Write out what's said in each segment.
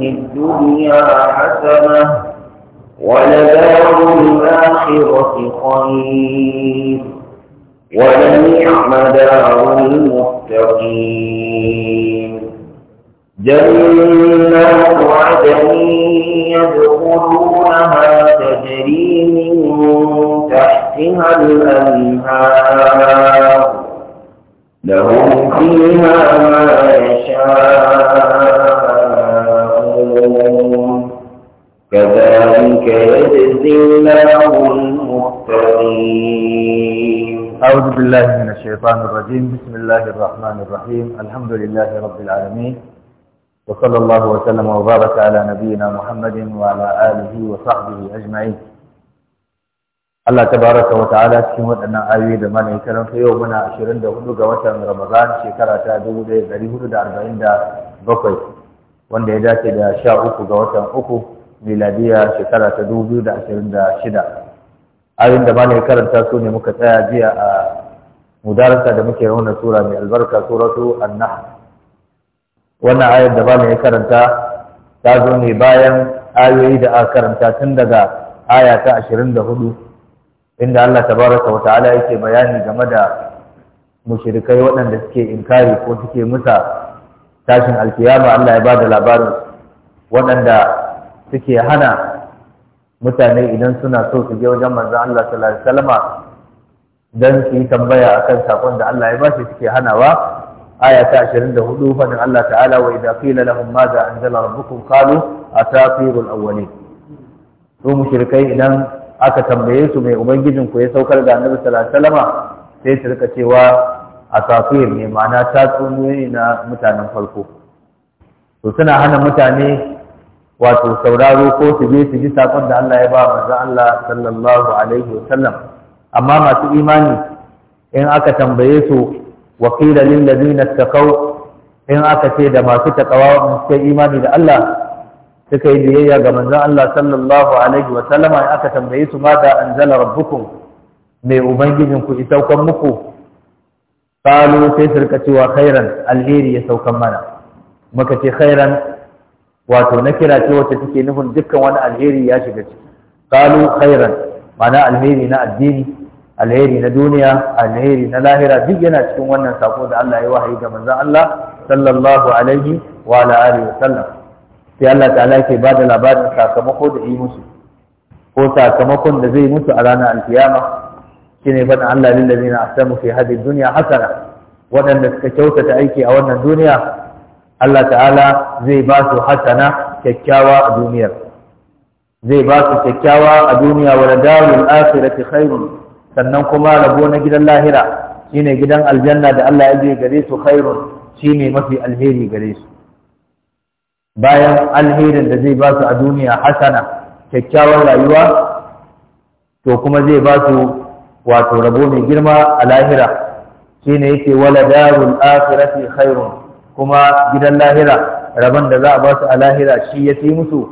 في الدنيا حسنة ولدار الآخرة خير ولنعم دار المتقين جنات عدن يدخلونها تجري من تحتها الأنهار لهم فيها ما يشاءون كذلك يجزي الله المتقين أعوذ بالله من الشيطان الرجيم بسم الله الرحمن الرحيم الحمد لله رب العالمين وصلى الله وسلم وبارك على نبينا محمد وعلى آله وصحبه أجمعين Allah ta baraka wa ta'ala cikin waɗannan ayoyi da mana ya karanta yau muna 24 ga watan Ramadan shekara ta 1447 wanda ya dace da 13 ga watan uku miladiya shekara ta 2026 ayoyin da mana ya karanta su ne muka tsaya jiya a mudarasa da muke rauna sura mai albarka suratu an-nahl wannan ayar da mana karanta ta zo ne bayan ayoyi da aka karanta tun daga aya ta 24 inda Allah tabaraka wa yake bayani game da mushrikai waɗanda suke inkari ko suke musa tashin alkiyama Allah ya bada labarin waɗanda suke hana mutane idan suna so su je wajen manzon Allah sallallahu alaihi wasallama dan su yi tambaya akan sakon da Allah ya ba shi suke hanawa آية عشرين ده فإن الله تعالى وإذا قيل لهم ماذا أنزل ربكم قالوا أساطير الأولين to مشركين idan. aka tambaye su mai ubangijin ku ya saukar da annabi sallallahu alaihi wasallam sai ta rika cewa asafir ne ma'ana tatsuniyoyi na mutanen farko to suna hana mutane wato sauraro ko su je su ji sakon da Allah ya ba manzo Allah sallallahu alaihi wasallam amma masu imani in aka tambaye su wa qila lil ladina taqaw in aka ce da masu takawa suka imani da Allah suka yi biyayya ga manzon Allah sallallahu alaihi wa sallama aka tambaye su ma da anzala rabbukum mai ubangijin ku saukan muku qalu sai su rika cewa khairan alheri ya saukan mana muka ce khairan wato na kira ce wacce take nufin dukkan wani alheri ya shiga ciki qalu khairan mana alheri na addini alheri na duniya alheri na lahira duk yana cikin wannan sako da Allah ya wahayi ga manzon Allah sallallahu alaihi wa ala alihi wa sallam sai Allah ta'ala ke ba da labarin sakamako da yi musu ko sakamakon da zai musu a ranar alkiyama shine faɗin Allah lil ladina ahsanu fi hadhihi dunya hasana waɗanda suka kyautata aiki a wannan duniya Allah ta'ala zai ba su hasana kyakkyawa a duniyar zai ba su kyakkyawa a duniya wa darul akhirati khairun sannan kuma rabo na gidan lahira shine gidan aljanna da Allah ya je gare su khairun shine mafi alheri gare su bayan alherin da zai ba su a duniya hasana kyakkyawar rayuwa to kuma zai ba su wato rabo mai girma a lahira shine yake wala darul akhirati khairun kuma gidan lahira rabon da za a ba su a lahira shi ya fi musu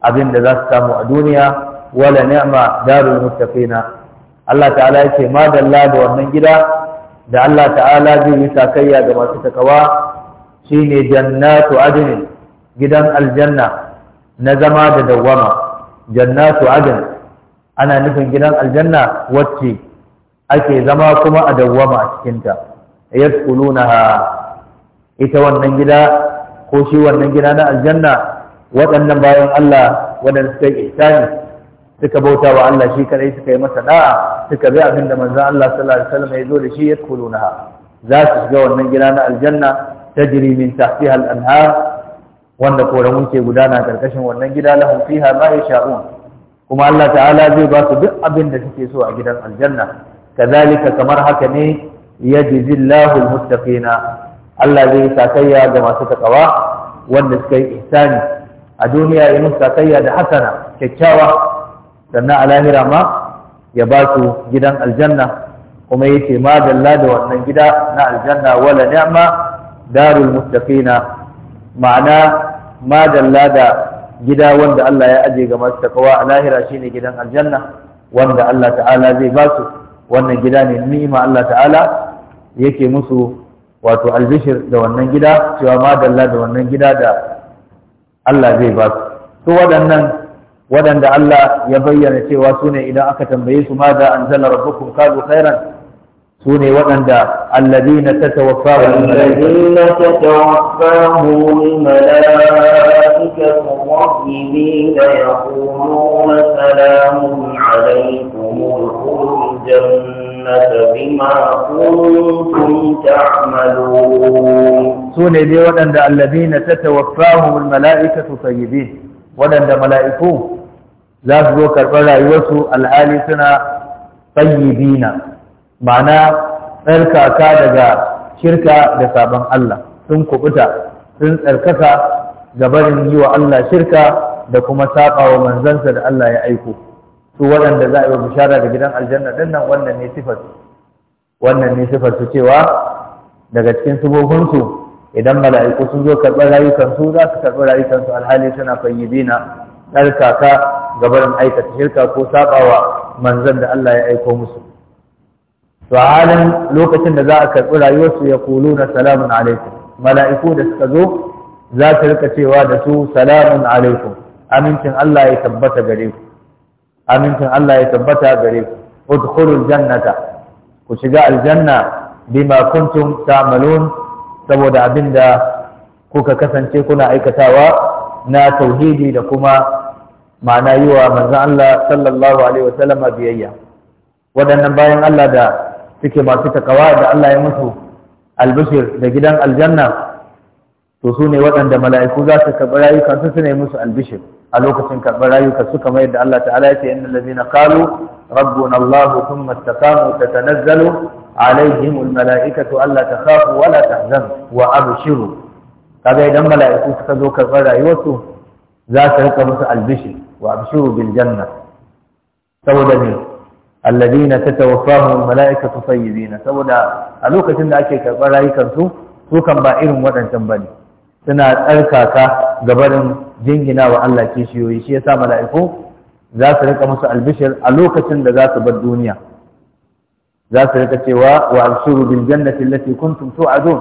abin da za su samu a duniya wala ni'ma darul muttaqina Allah ta'ala yake madalla da wannan gida da Allah ta'ala zai yi sakayya ga masu takawa shine jannatu adnin gidan aljanna na zama da dawama jannatu adn ana nufin gidan aljanna wacce ake zama kuma a dawama a cikinta yadkhulunaha ita wannan gida ko shi wannan gida na aljanna waɗannan bayan Allah waɗanda suka yi ihsani suka bauta wa Allah shi kadai suka yi masa da'a suka bi abinda manzon Allah sallallahu alaihi wasallam ya zo da shi yadkhulunaha za su shiga wannan gida na aljanna tajri min tahtiha al-anhar wanda koramu ke gudana karkashin wannan gida lahum fiha ma yasha'un kuma Allah ta'ala zai ba su duk abin da suke so a gidan aljanna kazalika kamar haka ne yajzillahu almuttaqina Allah zai sakayya ga masu takawa wanda suka yi ihsani a duniya ya musu sakayya da hasana kyakkyawa sannan a lahira ma ya ba su gidan aljanna kuma yace ma dalla da wannan gida na aljanna wala ni'ma darul muttaqina ma'ana madalla da gida wanda Allah ya aje ga masu takawa a lahira shine gidan aljanna wanda Allah ta'ala zai ba su wannan gida ne ni'ima Allah ta'ala yake musu wato albishir da wannan gida cewa madalla da wannan gida da Allah zai ba su waɗannan waɗanda Allah ya bayyana cewa su ne idan aka tambaye su ma da anzala rabbukum qalu khairan su ne waɗanda allazi na ta tawafa wa su ne dai waɗanda allazi na ta tawafa wa mala’ika su sayi waɗanda mala’iku za su zo karɓar rayuwarsu alhali suna sayi ma'ana tsarkaka daga shirka da sabon Allah sun kubuta sun tsarkaka ga barin yi wa Allah shirka da kuma saba wa manzansa da Allah ya aiko su waɗanda za a yi wa bishara da gidan aljanna ɗin nan wannan ne sifar wannan ne sifar su cewa daga cikin subofinsu idan mala'iku sun zo karɓar rayukansu za su karɓi su alhali suna fayyibina ga barin aikata shirka ko saɓawa manzan da Allah ya aiko musu to a halin lokacin da za a karɓi rayuwarsu ya kulu na salamun alaikum mala'iku da suka zo za su rika cewa da su salamun alaikum amincin Allah ya tabbata gare ku amincin Allah ya tabbata gare ku jannata ku shiga aljanna bima kuntum ta'malun saboda abinda kuka kasance kuna aikatawa na tauhidi da kuma ma'ana yi wa manzon Allah sallallahu alaihi wasallama biyayya waɗannan bayan Allah da suke masu takawa da Allah ya musu albishir da gidan aljanna to su ne waɗanda mala'iku za su karɓi rayuka su suna musu albishir a lokacin karɓar rayuka su kamar yadda Allah ta'ala ya ce innal ladina qalu rabbuna Allah thumma istaqamu tatanazzalu alaihim al Allah ta takhafu wa la tahzanu wa abshiru kaga idan mala'iku suka zo karɓar rayuwarsu za su rika musu albishir wa abshiru bil janna saboda ne alladina tatawaffahum malaikatu tayyibin saboda a lokacin da ake karbar rayukansu su kan ba irin waɗancan bane suna tsarkaka gabarin jingina wa Allah kishiyoyi shi yasa mala'iku za su rika musu albishir a lokacin da za su bar duniya za su rika cewa wa abshuru bil jannati allati kuntum tu'adun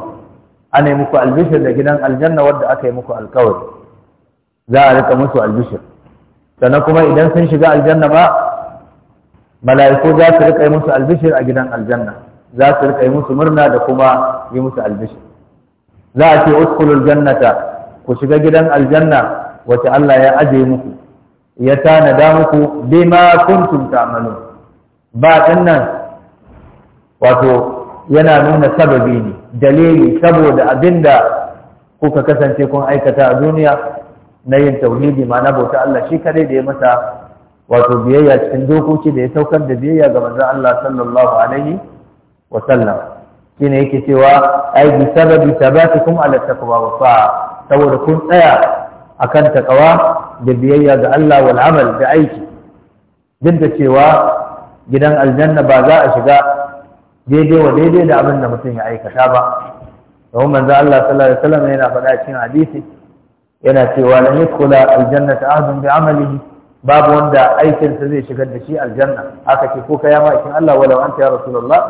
ana muku albishir da gidan aljanna wadda aka yi muku alkawari za a rika musu albishir sannan kuma idan sun shiga aljanna ba mala'iku za su rika yi musu albishir a gidan aljanna za su rika yi musu murna da kuma yi musu albishir za a ce uskulul jannata ku shiga gidan aljanna wace Allah ya aje muku ya tanada muku bima kuntum ta'malu ba dinnan wato yana nuna sababi ne dalili saboda abinda kuka kasance kun aikata a duniya na yin tauhidi ma na bauta Allah shi kadai da ya masa wato biyayya cikin dokoki da ya saukar da biyayya ga manzon Allah sallallahu alaihi wa sallam shine yake cewa ai bi sababi sabatikum ala taqwa wa ta'a saboda kun tsaya akan taqwa da biyayya ga Allah wal amal da aiki duk da cewa gidan aljanna ba za a shiga daidai wa daidai da abin da mutum ya aikata ba domin manzo Allah sallallahu alaihi Sallam yana faɗa cikin hadisi yana cewa lan yadkhula aljannata ahadun bi amalihi babu wanda aikinsa zai shigar da shi aljanna aka ke ko kaya ma Allah walau anta ya rasulullah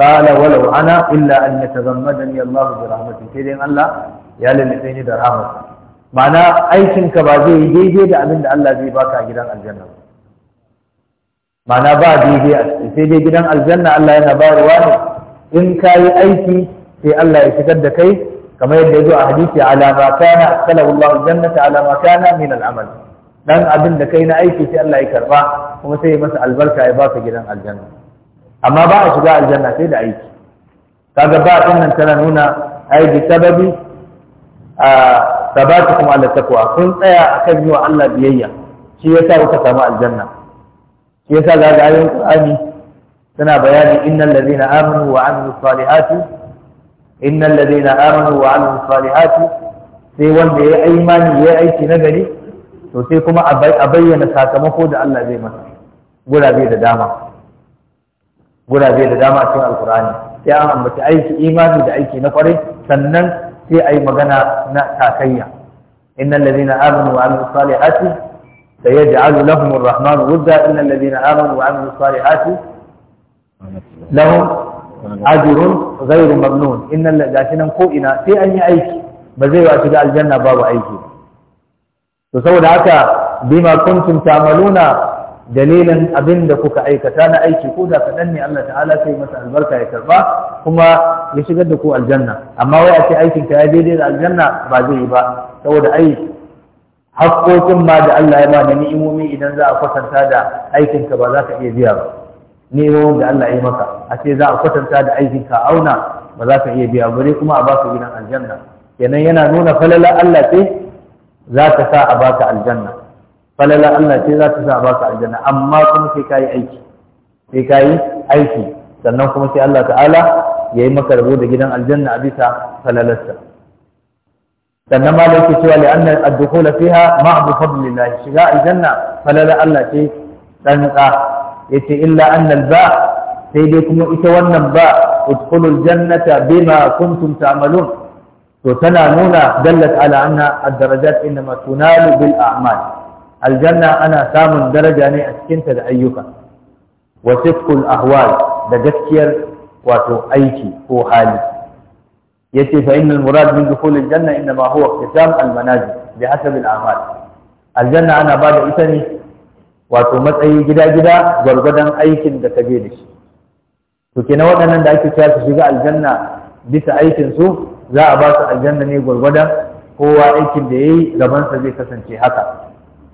qala walau ana illa an yatazammadani Allah bi rahmati sai dai Allah ya lalace ni da rahmat ma'ana aikin ka ba zai yi daidai da abin da Allah zai baka a gidan aljanna ma'ana ba daidai a cikin sai dai gidan aljanna Allah yana bayarwa ne in ka yi aiki sai Allah ya shigar da kai kamar yadda ya zo a hadisi ala ma kana akalahu Allah ala ma kana min dan abin da kai na aiki sai Allah ya karba kuma sai ya masa albarka ya baka gidan aljanna amma ba a shiga aljanna sai da aiki kaga ba din nan tana nuna ai bi sababi a kuma ala taqwa kun tsaya akan yi wa Allah biyayya shi yasa kuka samu aljanna shi yasa ga ayoyin Qur'ani suna bayani innal ladina amanu wa amilus salihati innal ladina amanu wa amilus salihati sai wanda ya imani ya aiki na gari to sai kuma a bayyana sakamako da Allah zai masa gurabe da dama gurabe da dama a cikin alkur'ani sai an ambaci aiki imani da aiki na kwarai sannan sai a yi magana na takayya innal ladina amanu wa amilus salihati sayaj'alu lahum ar-rahmanu wudda innal ladina amanu wa amilus salihati lahum ajrun ghayru mamnun innal gashi nan ko ina sai an yi aiki ba zai wa shiga aljanna babu aiki ba. to saboda haka bima kuntum ta'maluna dalilin abin da kuka aikata na aiki ko da kaɗan ne Allah ta'ala sai masa albarka ya karba kuma ya shigar da ku aljanna amma wai a ce aikin ka ya daidai da aljanna ba zai yi ba saboda ai haƙoƙin ma da Allah ya ba da ni'imomi idan za a kwatanta da aikin ka ba za ka iya biya ba ni'imomin da Allah ya maka a ce za a kwatanta da aikin ka auna ba za ka iya biya bare kuma a ba su gidan aljanna kenan yana nuna falala Allah ce za ta sa a baka aljanna falala Allah ce za ta sa a baka aljanna amma kuma sai kayi aiki sai kayi aiki sannan kuma sai Allah ta'ala ya yi maka rabo da gidan aljanna a bisa falalarsa sannan ma da yake cewa li anna ad-dukhula fiha ma'bu fadlillah shiga aljanna falala Allah ce dan ka yace illa anna al-ba sai dai kuma ita wannan ba udkhulul jannata bima kuntum ta'malun to tana nuna dallat ala anna ad-darajat inma tunalu bil a'mal aljanna ana samun daraja ne a cikin ta da ayyuka wa sidqul ahwal da gaskiyar wato aiki ko hali yace fa innal murad min dukhul aljanna inma huwa iktisam al-manazil bihasab al-a'mal aljanna ana bada ita ne wato matsayi gida-gida gwargwadon aikin da ka je da shi to kenan waɗannan da ake cewa su shiga aljanna bisa aikin su za a ba su aljanna ne gwargwadon kowa aikin da yayi gabansa zai kasance haka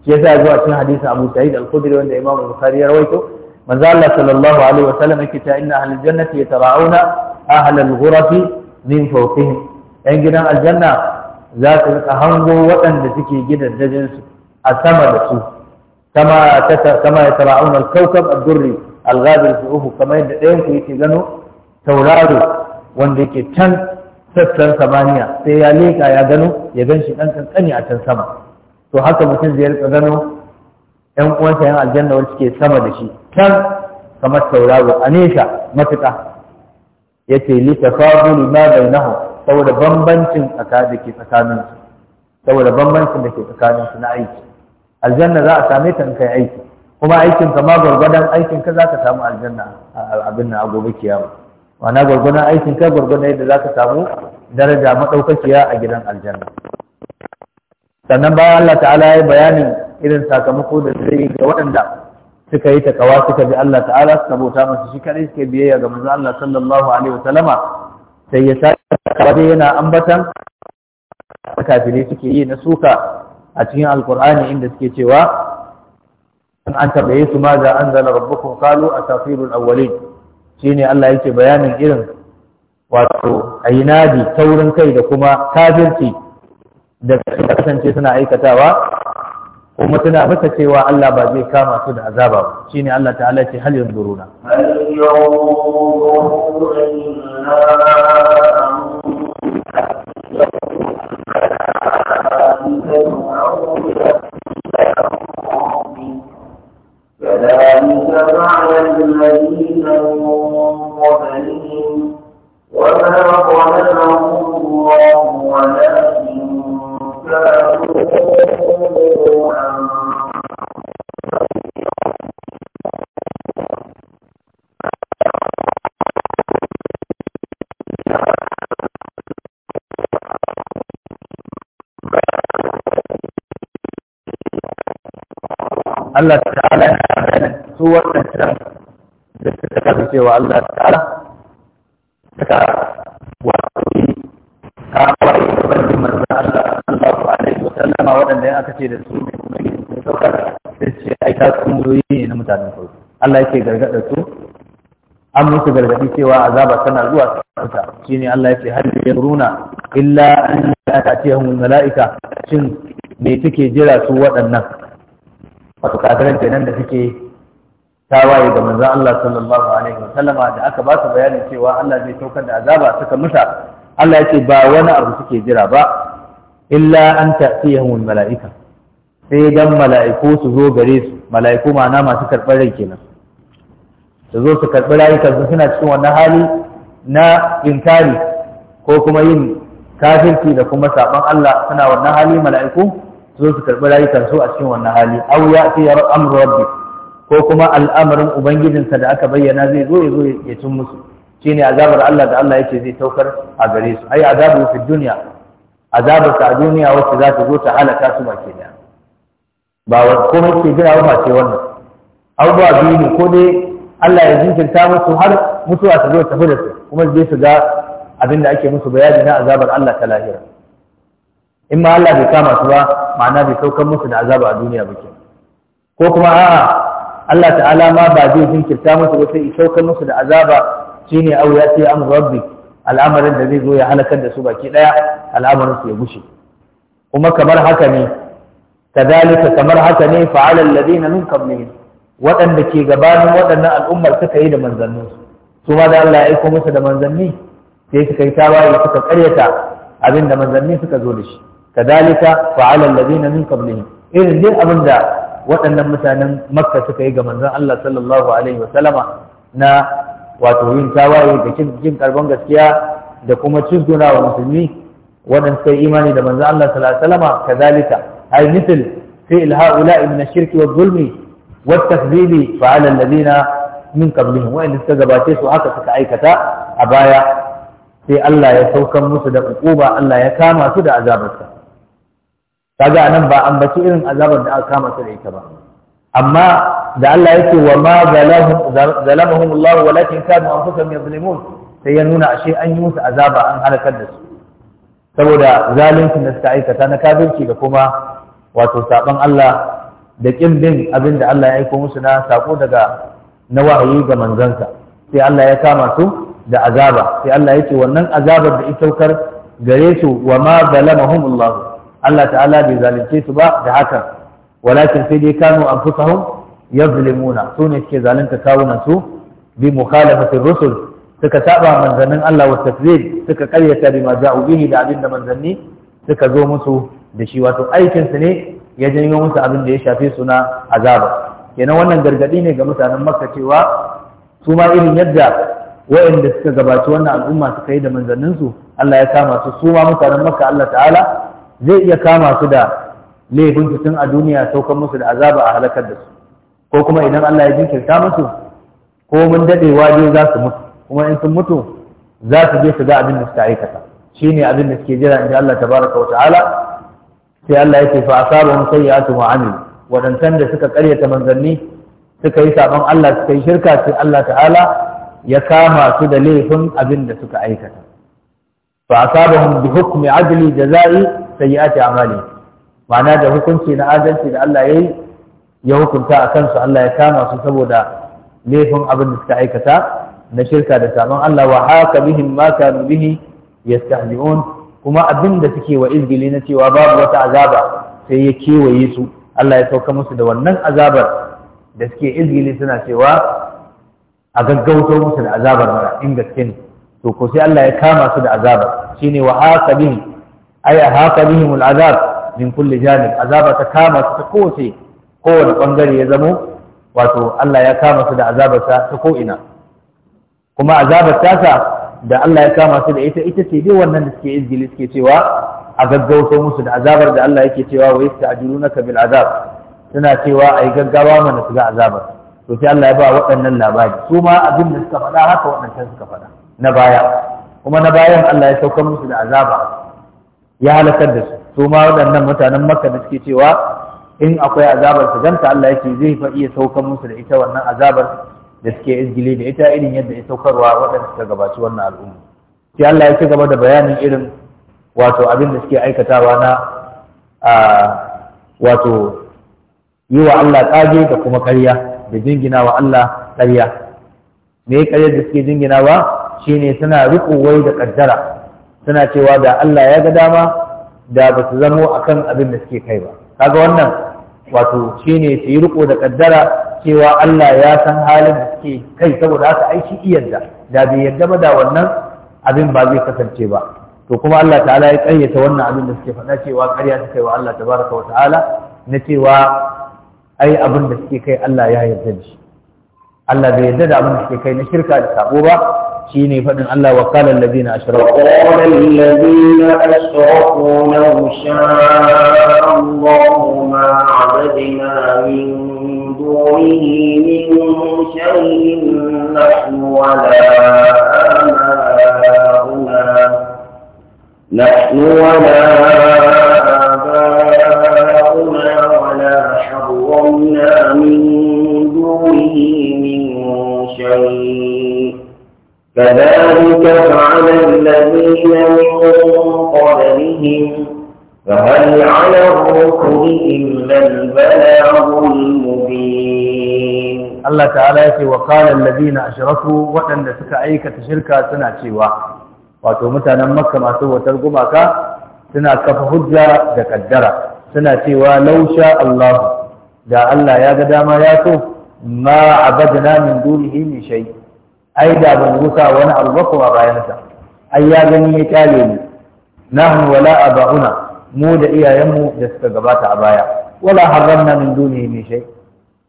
shi yasa zuwa cikin hadisin Abu Sa'id al-Khudri wanda Imam Bukhari ya rawaito manzo Allah sallallahu alaihi wa sallam yake ta inna ahlal jannati yatara'una ahlal ghurafi min fawqihim yan gidan aljanna za su rika hango waɗanda suke gidajen su a sama da su kama kama yatara'una al-kawkab ad-durri al-ghadir fi ufuq kama yadda ɗayan ku yake gano tauraro wanda yake can sassan samaniya sai ya leka ya gano ya gan shi ɗan kankani a can sama to haka mutum zai rika gano ƴan uwansa yan aljanna wanda suke sama da shi can kamar tauraro a nesa matuƙa yace li tafadulu ma bainahum saboda bambancin tsakanin ke tsakanin su saboda bambancin da ke tsakanin su na aiki aljanna za a same ta in kai aiki kuma aikinka ma gwargwadon aikin ka za ka samu aljanna abin nan a gobe kiyama Wana gwargwadon aikin ka gwargwadon yadda za ka samu daraja maɗaukakiya a gidan aljanna sannan bayan Allah ta'ala ya yi bayanin irin sakamako da zai ga waɗanda suka yi takawa suka bi Allah ta'ala suka bauta masa shi kadai suke biyayya ga manzon Allah sallallahu alaihi wasallama sai ya sa yana ambatan kafiri suke yi na suka a cikin alkur'ani inda suke cewa an taɓa su ma da an zala rabbukun kalu a awwalin Shi ne Allah yake bayanin irin wato a ta taurin kai da kuma kafirci da suka kasance suna aikatawa kuma suna masa cewa Allah ba zai kama su da azaba ba Shi ne Allah ta'ala ce hal yanzuruna Thank you. كذلك بعد الذين من قبلهم waɗancan da ta kasance wa Allah ta suka wato yi kawai da bandin manzan Allah ku alaihi wa sallama waɗanda ya aka ce da su ne kuma yin su sauka da ce ai ta kungiyoyi ne na mutanen farko Allah yake gargaɗa su an musu gargaɗi cewa azaba tana zuwa shi ne Allah yake hal runa illa an hun malaika shin me suke jira su waɗannan wato kafiran kenan da suke tawaye ga manzon Allah sallallahu alaihi wa sallama da aka ba su bayanin cewa Allah zai saukar da azaba suka musa Allah ya ce ba wani abu suke jira ba illa an ta'tiyahum malaika sai dan mala'iku su zo gare su mala'iku ma'ana masu karɓar rai kenan su zo su karɓi rayukansu suna cikin wannan hali na inkari ko kuma yin kafirci da kuma saɓon Allah suna wannan hali mala'iku su zo su karɓi rayukansu a cikin wannan hali au ya fi amru rabbi ko kuma al'amarin ubangijinsa da aka bayyana zai zo zo ya cin musu shine azabar Allah da Allah yake zai taukar a gare su ai azabu fi duniya, azabar ta duniya wacce za ta zo ta halaka su baki da ba wa komai ke jira ba ce wannan abubuwa biyu ne ko dai Allah ya jinkirta musu har mutuwa ta zo ta fi da su kuma zai su ga abin da ake musu bayani na azabar Allah ta lahira in ma Allah bai kama su ba ma'ana bai saukar musu da azabu a duniya ba ke ko kuma a'a Allah ta'ala ma ba zai jinkirta musu ba sai saukar musu da azaba shine au ya ce am rabbi al'amarin da zai zo ya halakar da su baki daya al'amarin su ya gushe kuma kamar haka ne kadalika kamar haka ne fa'alal ladina min qablihim waɗanda ke gabanin waɗannan al'ummar suka yi da manzanninsu su ma da Allah ya aiko musu da manzanni sai suka yi tawaye suka karyata abin da manzanni suka zo da shi kadalika fa'ala alladhina min qablihim irin din abin da waɗannan mutanen makka suka yi ga manzon Allah sallallahu alaihi wasallama na wato yin tawaye da jin karban gaskiya da kuma cizguna wa musulmi waɗanda sai imani da manzon Allah sallallahu alaihi wasallama kazalika ay mithl fi'l ha'ula'i min ash-shirki wadh-dhulmi wat-takdhibi fa'ala alladhina min qablihim wa in suka gabace su haka suka aikata a baya sai Allah ya saukar musu da ukuba Allah ya kama su da azabarsa kaga nan ba ambaci irin azabar da aka kama su da ita ba amma da Allah yake wa ma zalamahum Allah walakin kanu anfusahum yazlimun sai ya nuna ashe an yi musu azaba an halakar da su saboda zaluncin da suka aikata na kafirci da kuma wato saban Allah da kin bin abin da Allah ya aiko musu na sako daga na wahayi ga manzansa sai Allah ya kama su da azaba sai Allah ya ce wannan azabar da ita saukar gare su wa ma zalamahum Allah Allah ta'ala bai zalunce su ba da haka walakin sai dai kanu anfusahum yazlimuna su ne suke zalunta kawunan su bi mukhalafati rusul suka saba manzannin Allah wa takzib suka karyata bima ja'u bihi da abin da manzanni suka zo musu da shi wato aikin su ne ya janyo musu abin da ya shafe su na azaba kenan wannan gargadi ne ga mutanen Makka cewa su ma irin yadda waɗanda suka gabaci wannan al'umma suka yi da manzanninsu Allah ya kama su su ma mutanen Makka Allah ta'ala zai iya kama su da laifin su tun a duniya saukan musu da azaba a halakar da su ko kuma idan Allah ya jinkirta musu ko mun dadewa waje za su mutu kuma in sun mutu za su je su ga abin da suka aikata shine abin da suke jira inda Allah tabaraka wa ta'ala sai Allah yake fa asabahum sayyi'atu ma amil wadantan da suka karyata manzanni suka yi sabon Allah suka yi shirka sai Allah ta'ala ya kama su da laifin abin da suka aikata fa asabahum bi hukmi adli jazai sayyi'ati amali ma'ana da hukunci na adalci da Allah yayi ya hukunta a kansu Allah ya kama su saboda laifin abin da suka aikata na shirka da saman Allah wa haka bihim ma kanu bihi yastahzi'un kuma abin da suke wa izgili na cewa babu wata azaba sai ya kewaye su Allah ya sauka musu da wannan azabar da suke izgili suna cewa a gaggauto musu da azabar mara in gaske ne to ko sai Allah ya kama su da azabar shine wa haka bihim ay ahata bihim al'azab min kulli janib azaba ta kama su ta kowace kowane bangare ya zamo wato Allah ya kama su da azabarsa ta ko ina kuma azabar tasa da Allah ya kama su da ita ita ce dai wannan da suke izgili suke cewa a gaggauto musu da azabar da Allah yake cewa wa na bil azab suna cewa ai gaggawa mana su ga azabar to sai Allah ya ba waɗannan labari su ma abin da suka faɗa haka waɗannan suka faɗa na baya kuma na bayan Allah ya saukar musu da azaba ya halakar da su su ma waɗannan mutanen makka da suke cewa in akwai azabar su ganta Allah yake zai fa iya saukar musu da ita wannan azabar da suke izgili da ita irin yadda ya saukarwa waɗanda suka gabaci wannan al'umma sai Allah ya ci gaba da bayanin irin wato abin da suke aikatawa na wato yi wa Allah tsage da kuma ƙarya da jingina wa Allah ƙarya me karyar da suke jinginawa shine suna riƙowai wai da ƙaddara suna cewa da Allah ya ga dama da ba su zamo akan abin da suke kai ba kaga wannan wato shine su yi riko da kaddara cewa Allah ya san halin da suke kai saboda haka aiki iyadda da bai yadda ba da wannan abin ba zai kasance ba to kuma Allah ta'ala ya ƙayyata wannan abin da suke faɗa cewa ƙarya ta kai wa Allah tabaraka wa ta'ala na cewa ai abin da suke kai Allah ya yarda da shi Allah bai yarda da abin da suke kai na shirka da sabo ba شيني فدن الله وقال الذين أشركوا وقال الذين أشركوا لو شاء الله ما عبدنا من دونه من شيء نحن ولا آباؤنا نحن ولا آباؤنا ولا حرمنا من كذلك فعل الذين من قبلهم فهل على الرسل إلا البلاغ المبين الله تعالى يقول وقال الذين أشركوا وأن سكعيك تشركا سنة شيوا متى مكة ما سوى تلقمك سنة كفهجة تكدرة سنة شيوا لو شاء الله دا الله يا قدام يا ما عبدنا من دونه من شيء ai da ban gusa wani abu ba kuma bayansa ai ya gani ya kyale Na nahnu wala aba'una mu da iyayenmu da suka gabata a baya wala haramna min dunihi min shay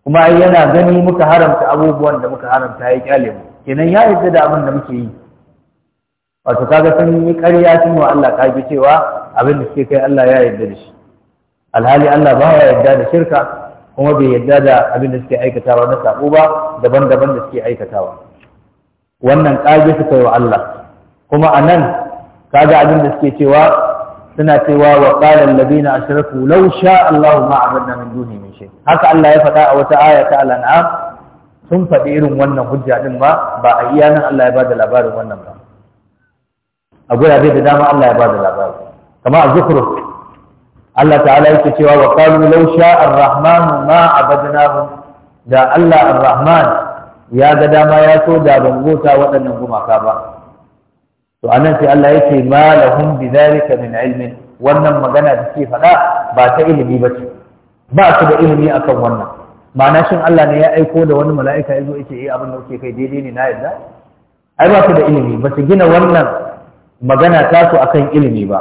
kuma ai yana gani muka haramta abubuwan da muka haramta ya kyale mu kenan ya yarda da abin da muke yi wato kaga sun yi ƙarya sun wa Allah kage cewa abin da suke kai Allah ya yarda da shi alhali Allah ba ya yarda da shirka kuma bai yarda da abin da suke aikatawa na sabo ba daban-daban da suke aikatawa wannan ƙage suka yi wa Allah kuma a nan kaga abin da suke cewa suna cewa wa qala alladhina ashraku law sha Allahu ma abadna min duni min shay haka Allah ya faɗa a wata aya ta al-an'am sun faɗi irin wannan hujja din ba ba a iya nan Allah ya bada labarin wannan ba a gurabe da dama Allah ya bada labarin. Kama a zukhruf Allah ta'ala yake cewa wa qalu law sha ar-rahmanu ma abadnahum da Allah ar-rahman ya ga dama ya so da ban gota waɗannan gumaka ba to anan sai Allah yake malahum lahum bi zalika min ilmin wannan magana da ke faɗa ba ta ilimi ba ce ba su da ilimi akan wannan ma'ana shin Allah ne ya aiko da wani mala'ika yazo yake eh abin da kuke kai daidai ne na yarda ai ba su da ilimi ba su gina wannan magana tasu akan ilimi ba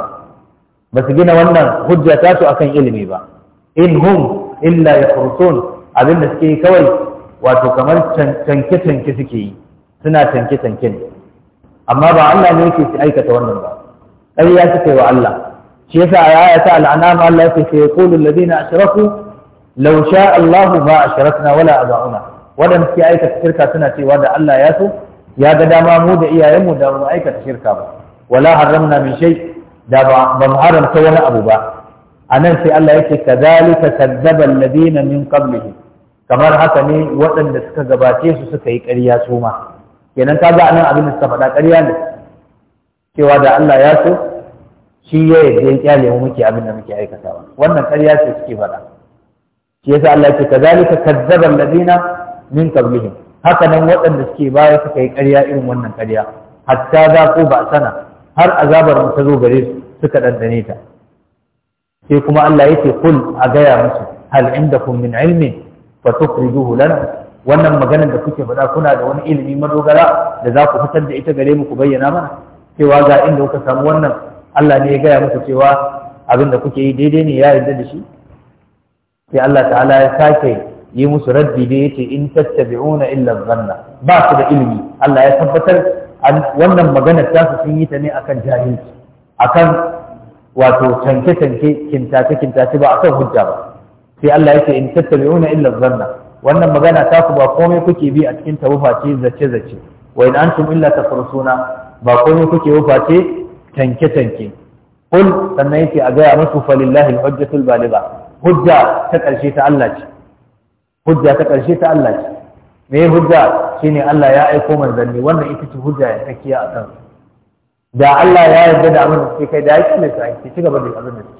ba su gina wannan hujja tasu akan ilimi ba in hum illa yakhrusun abin da suke kawai wato kamar canke-canke suke yi suna canke-canke ne amma ba Allah ne yake su aikata wannan ba ƙarya suke wa Allah shi yasa a yaya ta al'anam Allah yake sai yaqulu alladhina ashraku law sha Allah ma ashrakna wala aba'una wadanda suke aikata shirka suna cewa da Allah ya so ya ga dama mu da iyayenmu da mu aikata shirka ba wala haramna min shay da ba mu haramta wani abu ba anan sai Allah yake kadhalika kadzaba alladhina min qablihim kamar haka ne waɗanda suka gabace su suka yi ƙarya su ma kenan ka ga nan abin da suka faɗa ƙarya ne cewa da Allah ya so shi ya yarda ya kyale mu muke abin da muke aikatawa wannan ƙarya ce suke faɗa shi yasa Allah ya ce kazalika kazzaba ladina min qablihim haka nan waɗanda suke baya suka yi ƙarya irin wannan ƙarya hatta za ko ba sana har azabar mu ta zo gare su suka ɗanɗane ta sai kuma Allah yake kul a gaya musu hal indakum min ilmin fa tukhrijuhu lana wannan maganar da kuke faɗa kuna da wani ilimi madogara da za ku fitar da ita gare mu ku bayyana mana cewa ga inda kuka samu wannan Allah ne ya gaya muku cewa abin da kuke yi daidai ne ya yarda da shi sai Allah ta'ala ya sake yi musu raddi da yake in tattabi'una illa dhanna ba su da ilimi Allah ya tabbatar wannan maganar ta su sun yi ta ne akan jahilci akan wato tanke-tanke kintace-kintace ba a akan hujja ba sai Allah yake in tattabi'una illa zanna wannan magana ta ku ba komai kuke bi a cikin ta wufaci zace zace wa in antum illa tafrusuna ba komai kuke wufaci tanke tanke kul sannan yake a gaya musu falillahi alhujjatul baligha hujja ta karshe ta Allah ce hujja ta karshe ta Allah ce me hujja shine Allah ya aiko manzanni wannan ita ce hujja ya takiya a kan? da Allah ya yarda da abin da kai da ya kila sai ki ci gaba da abin da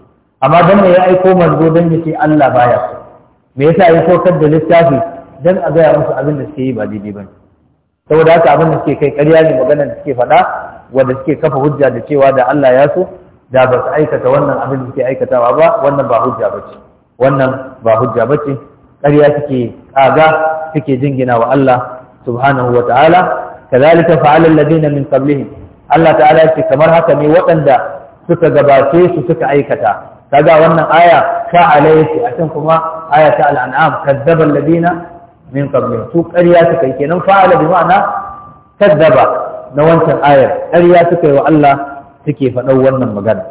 amma dan me ya aiko manzo dan ya ce Allah baya so me yasa ya saukar da littafi dan a gaya musu abin da suke yi ba daidai bane saboda haka abin da suke kai ƙarya ne maganar da suke faɗa wanda suke kafa hujja da cewa da Allah ya so da ba su aikata wannan abin da suke aikatawa ba wannan ba hujja bace wannan ba hujja bace ƙarya suke kaga suke jingina wa Allah subhanahu wa ta'ala kadhalika fa'ala alladhina min qablihim Allah ta'ala ce kamar haka ne waɗanda suka gabace su suka aikata kaga wannan aya ta alayhi a can kuma aya ta al'an'am kazzaba alladina min qablihim su ƙarya suka yi kenan fa'ala bi ma'ana kazzaba na wancan ayar ƙarya suka yi wa Allah suke faɗar wannan magana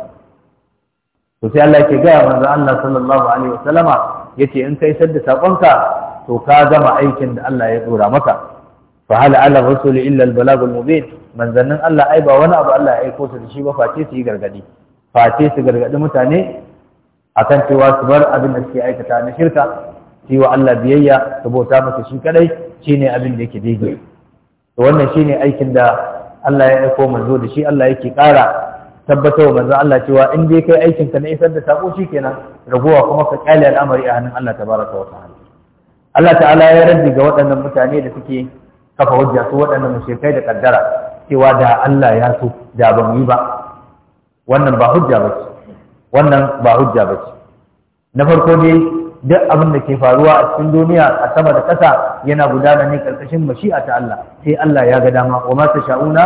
to sai Allah ke gaya manzo Allah sallallahu alaihi wasallama yace in kai sadda sakonka to ka gama aikin da Allah ya dora maka fa hal ala rasul illa al balagul mubin manzannin Allah ai ba wani abu Allah ya aiko su da shi ba face su yi gargadi face su gargadi mutane akan cewa su bar abin da suke aikata na shirka su wa Allah biyayya su bauta masa shi kadai shine abin da yake daidai to wannan shine aikin da Allah ya aiko manzo da shi Allah yake kara tabbatar manzo Allah cewa in dai kai aikin ka na isar da sako kenan ragowa kuma ka kyale al'amari a hannun Allah tabaraka wa ta'ala Allah ta'ala ya raddi ga waɗannan mutane da suke kafa hujja su waɗannan mushrikai da kaddara cewa da Allah ya so da ban yi ba wannan ba hujja ba ce wannan ba hujja ba ce na farko dai duk abin da ke faruwa a cikin duniya a sama da ƙasa yana gudana ne karkashin mashi'a ta Allah sai Allah ya ga dama wa ma tasha'una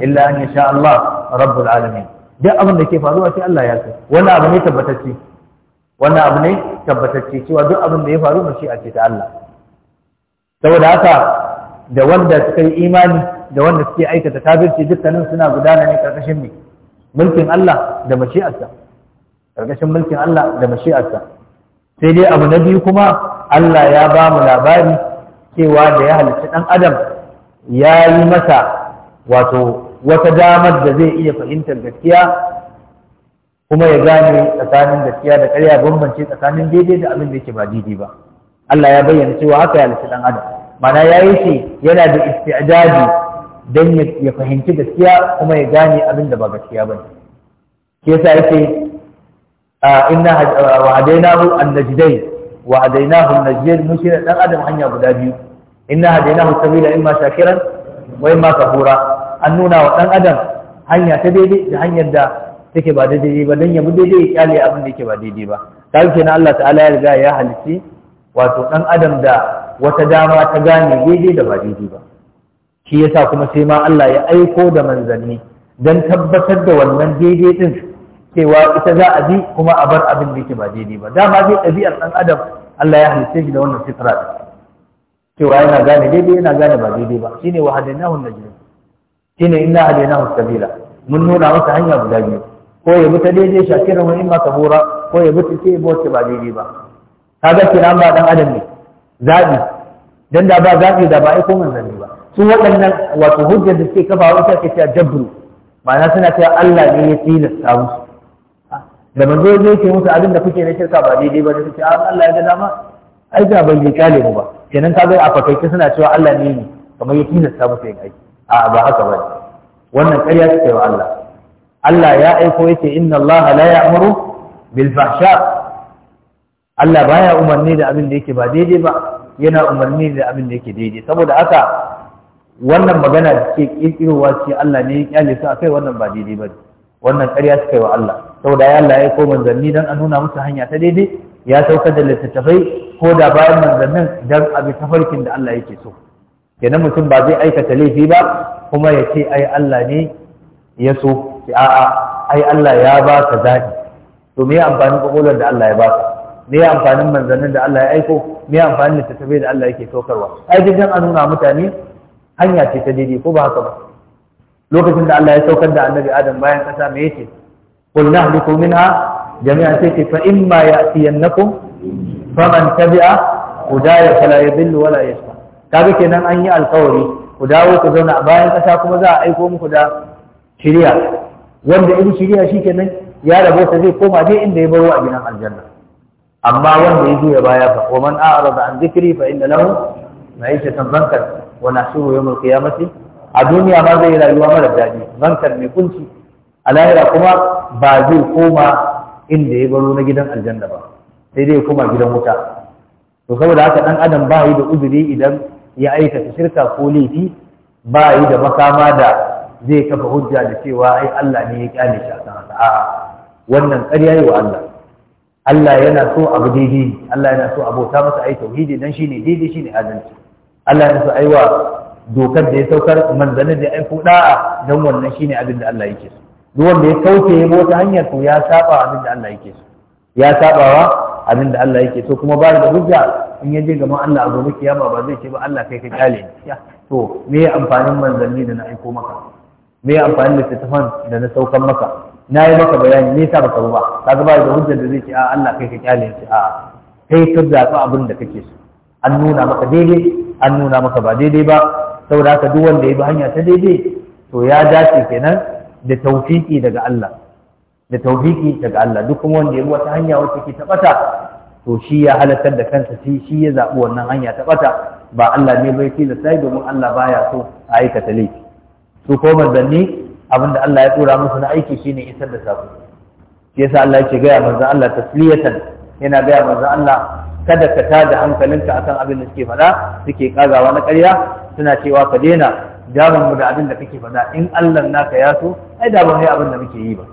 illa an yasha Allah rabbul alamin duk abin da ke faruwa sai Allah ya so wannan abu ne tabbatacce wannan abu ne tabbatacce cewa duk abin da ya faru mashi'a ce ta Allah saboda haka da wanda suka yi imani da wanda suke aikata kafirci dukkanin suna gudana ne karkashin mulkin Allah da mashi'arsa ƙarƙashin mulkin Allah da mashi'arsa sai dai abu na biyu kuma Allah ya ba mu labari cewa da ya halicci ɗan adam ya yi masa wato wata damar da zai iya fahimtar gaskiya kuma ya gane tsakanin gaskiya da ƙarya bambance tsakanin daidai da abin da yake ba daidai ba Allah ya bayyana cewa haka ya halicci ɗan adam mana ya yi shi yana da isti'dadi dan ya fahimci gaskiya kuma ya gane abin da ba gaskiya ba ne shi yasa yake inna wa an-najdayn wa an-najdayn mun dan adam hanya guda biyu inna hadainahu sabila imma shakiran wa imma kafura an nuna wa dan adam hanya ta daidai da hanyar da take ba daidai ba dan ya bi daidai ya kyale abin da yake ba daidai ba kai kenan Allah ta'ala ya riga ya halitti wato dan adam da wata dama ta gane daidai da ba daidai ba shi yasa kuma sai ma Allah ya aiko da manzanni dan tabbatar da wannan daidai din cewa ita za a bi kuma a bar abin da yake ba daidai ba dama dai ɗabi'ar ɗan adam Allah ya halitta shi da wannan fitra da cewa yana gane daidai yana gane ba daidai ba shine wa hadaynahu najmi shine inna hadaynahu sabila mun nuna masa hanya guda biyu ko ya bi ta daidai shakira wa imma kabura ko ya bi ta ce ba ba daidai ba kaga kiran ba ɗan adam ne Zaɓi. dan da ba zaɓi da ba ai ko manzanni ba su waɗannan wato hujjar da suke kafa wa ita ce ta jabru ma'ana suna cewa Allah ne ya tilasta musu da manzo ya yake musu abin da kuke na shirka ba daidai ba da suke a ah, Allah ya ga dama ai da ban kyale mu ba kenan ka ga a fakaice suna cewa Allah ne ne kamar ya tilasta musu yin aiki a ba haka ba wannan ƙarya take wa Allah Allah ya aiko yace inna Allah la ya'muru bil fahsha Allah baya umarni da abin da yake ba daidai ba yana umarni da abin da yake daidai saboda haka wannan magana da ke kirkirowa ce Allah ne ya kyale su akai wannan ba daidai ba wannan ƙarya suka yi wa Allah saboda ya Allah ya manzanni dan a nuna musu hanya ta daidai ya saukar da littattafai ko da bayan manzannin dan a bi tafarkin da Allah yake so kenan mutum ba zai aikata laifi ba kuma ya ce ai Allah ne ya so a'a ai Allah ya ba ka zaɓi to me amfanin kwakwalwar da Allah ya ba ka me amfanin manzannin da Allah ya aiko me amfanin littattafai da Allah yake saukarwa ai dukkan a nuna mutane hanya ce ta daidai ko ba haka ba lokacin da Allah ya saukar da annabi Adam bayan kasa me yake qul nahbitu minha jami'an sai ce fa imma ya'tiyannakum faman tabi'a hudaya fala yadhillu wala yashqa kaga kenan an yi alkawari ku dawo ku zauna bayan kasa kuma za a aiko muku da shiriya wanda in shiriya shikenan ya rabo ta zai koma dai inda ya baro a gidan aljanna amma wanda ya juya baya fa wa man a'rada an dhikri fa inna lahu ma'ishatan bankar wa nahshuru yawm al-qiyamati a duniya ma zai yi rayuwa mara daɗi bankar mai kunci a lahira kuma ba zai koma inda ya baro na gidan aljanna ba sai dai ya koma gidan wuta to saboda haka dan adam ba yi da uzuri idan ya aikata shirka ko laifi ba yi da makama da zai kafa hujja da cewa ai Allah ne ya kyale shi a kan haka a'a wannan ƙarya yi wa Allah Allah yana so abu daidai Allah yana so abota masa ai tauhidi dan shine daidai shine adalci Allah yana so aiwa dokar da ya saukar manzanin da ya aiko da'a dan wannan shine abin da Allah yake so duk wanda ya kauce ya wata hanyar to ya saba abin da Allah yake so ya sabawa abin da Allah yake so kuma ba da hujja in ya je gaban Allah a gobe kiyama ba zai ce ba Allah kai ka kyale ni to me ya amfanin manzanni da na aiko maka me ya amfanin littattafan da na saukan maka na yi maka bayani me yasa baka ba ga ba da hujja da zai ce a Allah kai ka kyale ni a kai ka zaba abin da kake so an nuna maka daidai an nuna maka ba daidai ba saboda haka duk wanda ya bi hanya ta daidai to ya dace kenan da taufiki daga Allah da daga Allah duk kuma wanda ya wata hanya wacce ke taɓata, to shi ya halakar da kansa shi shi ya zaɓi wannan hanya taɓata, ba Allah ne bai da sai domin Allah baya so a aikata laifi su ko manzanni abinda Allah ya tura musu na aiki shine isar da sako shi yasa Allah yake gaya manzan Allah tasliyatan yana gaya manzan Allah kada ka tada hankalinka akan abin da suke faɗa suke kagawa na ƙarya suna cewa ka daina jarin mu da abin da kake faɗa in Allah naka ya so ai da ban yi abin da muke yi ba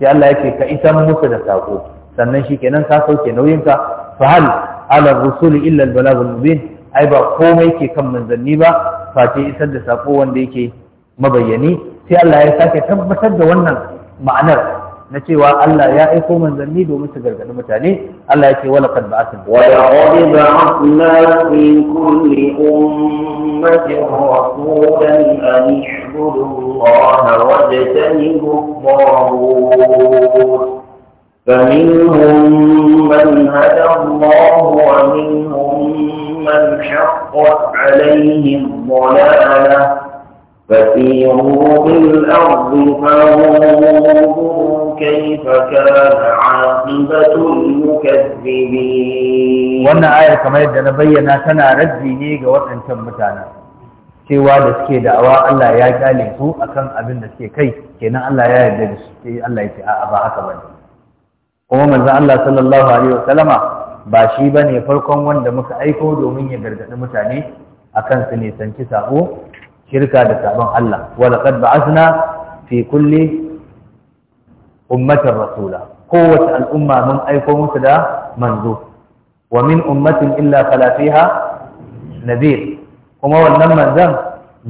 sai Allah yake ka isa musu da sako sannan shikenan ka sauke nauyinka fa hal ala rusul illa al balagul mubin ai ba komai ke kan manzanni ba face isar da sako wanda yake mabayyani sai Allah ya sake tabbatar da wannan ma'anar na cewa Allah ya aiko manzanni domin su gargaɗi mutane Allah ya ce wala qad ba'athna wa laqad anna fi kulli ummati rasulan an i'budu Allah wa tajtanibu al فمنهم من هدى الله ومنهم من حقت عليه الضلاله فسيروا بالأرض فانظروا كيف كان عاقبة المكذبين wannan ayar kamar yadda na bayyana tana raddi ne ga waɗancan mutanen cewa da suke da'awa Allah ya kyale su akan abin da suke kai kenan Allah ya yarda da su sai Allah ya ce a'a ba haka bane kuma manzon Allah sallallahu alaihi wasallama ba shi bane farkon wanda muka aiko domin ya gargadi mutane akan su ne sanci sako shirka da sabon Allah wa laqad ba'athna fi kulli ummatin rasula kowace al'umma mun aiko musu da manzo wa min ummatin illa khala fiha nadhir kuma wannan manzon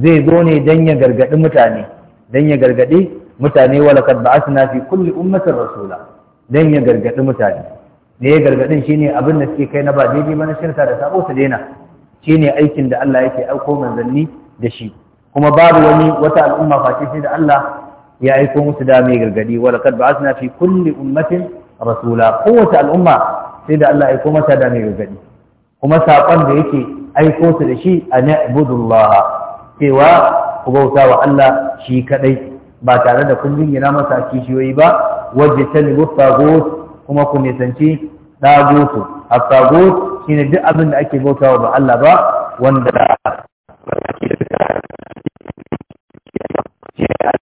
zai zo ne dan ya gargadi mutane dan ya gargadi mutane wa laqad ba'athna fi kulli ummatin rasula dan ya gargadi mutane ne ya gargadin shine abin da suke kai na ba daidai ba na shirka da sabo su daina shine aikin da Allah yake aiko manzanni da shi kuma babu wani wata al'umma face sai da Allah ya aiko musu da mai gargadi wa laqad ba'athna fi kulli ummatin rasula kowace al'umma sai da Allah ya aiko mata da mai gargadi kuma sakon da yake aiko su da shi a na'budullah cewa ku bauta wa Allah shi kadai ba tare da kun na masa kishiyoyi ba wajja talibu tagut kuma ku nisanci dagutu at-tagut shine duk abin da ake bautawa ba Allah ba wanda that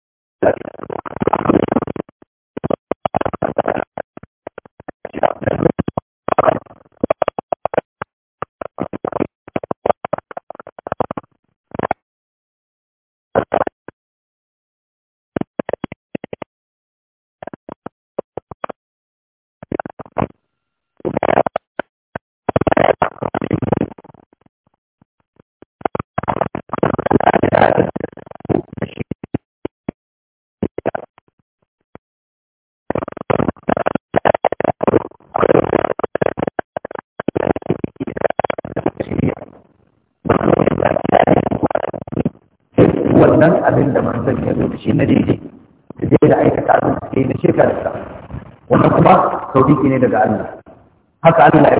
abin da manzon ya zo da shi na daidai da zai da aikata abin da ke na shekarar sa wannan kuma sauƙi ne daga Allah haka Allah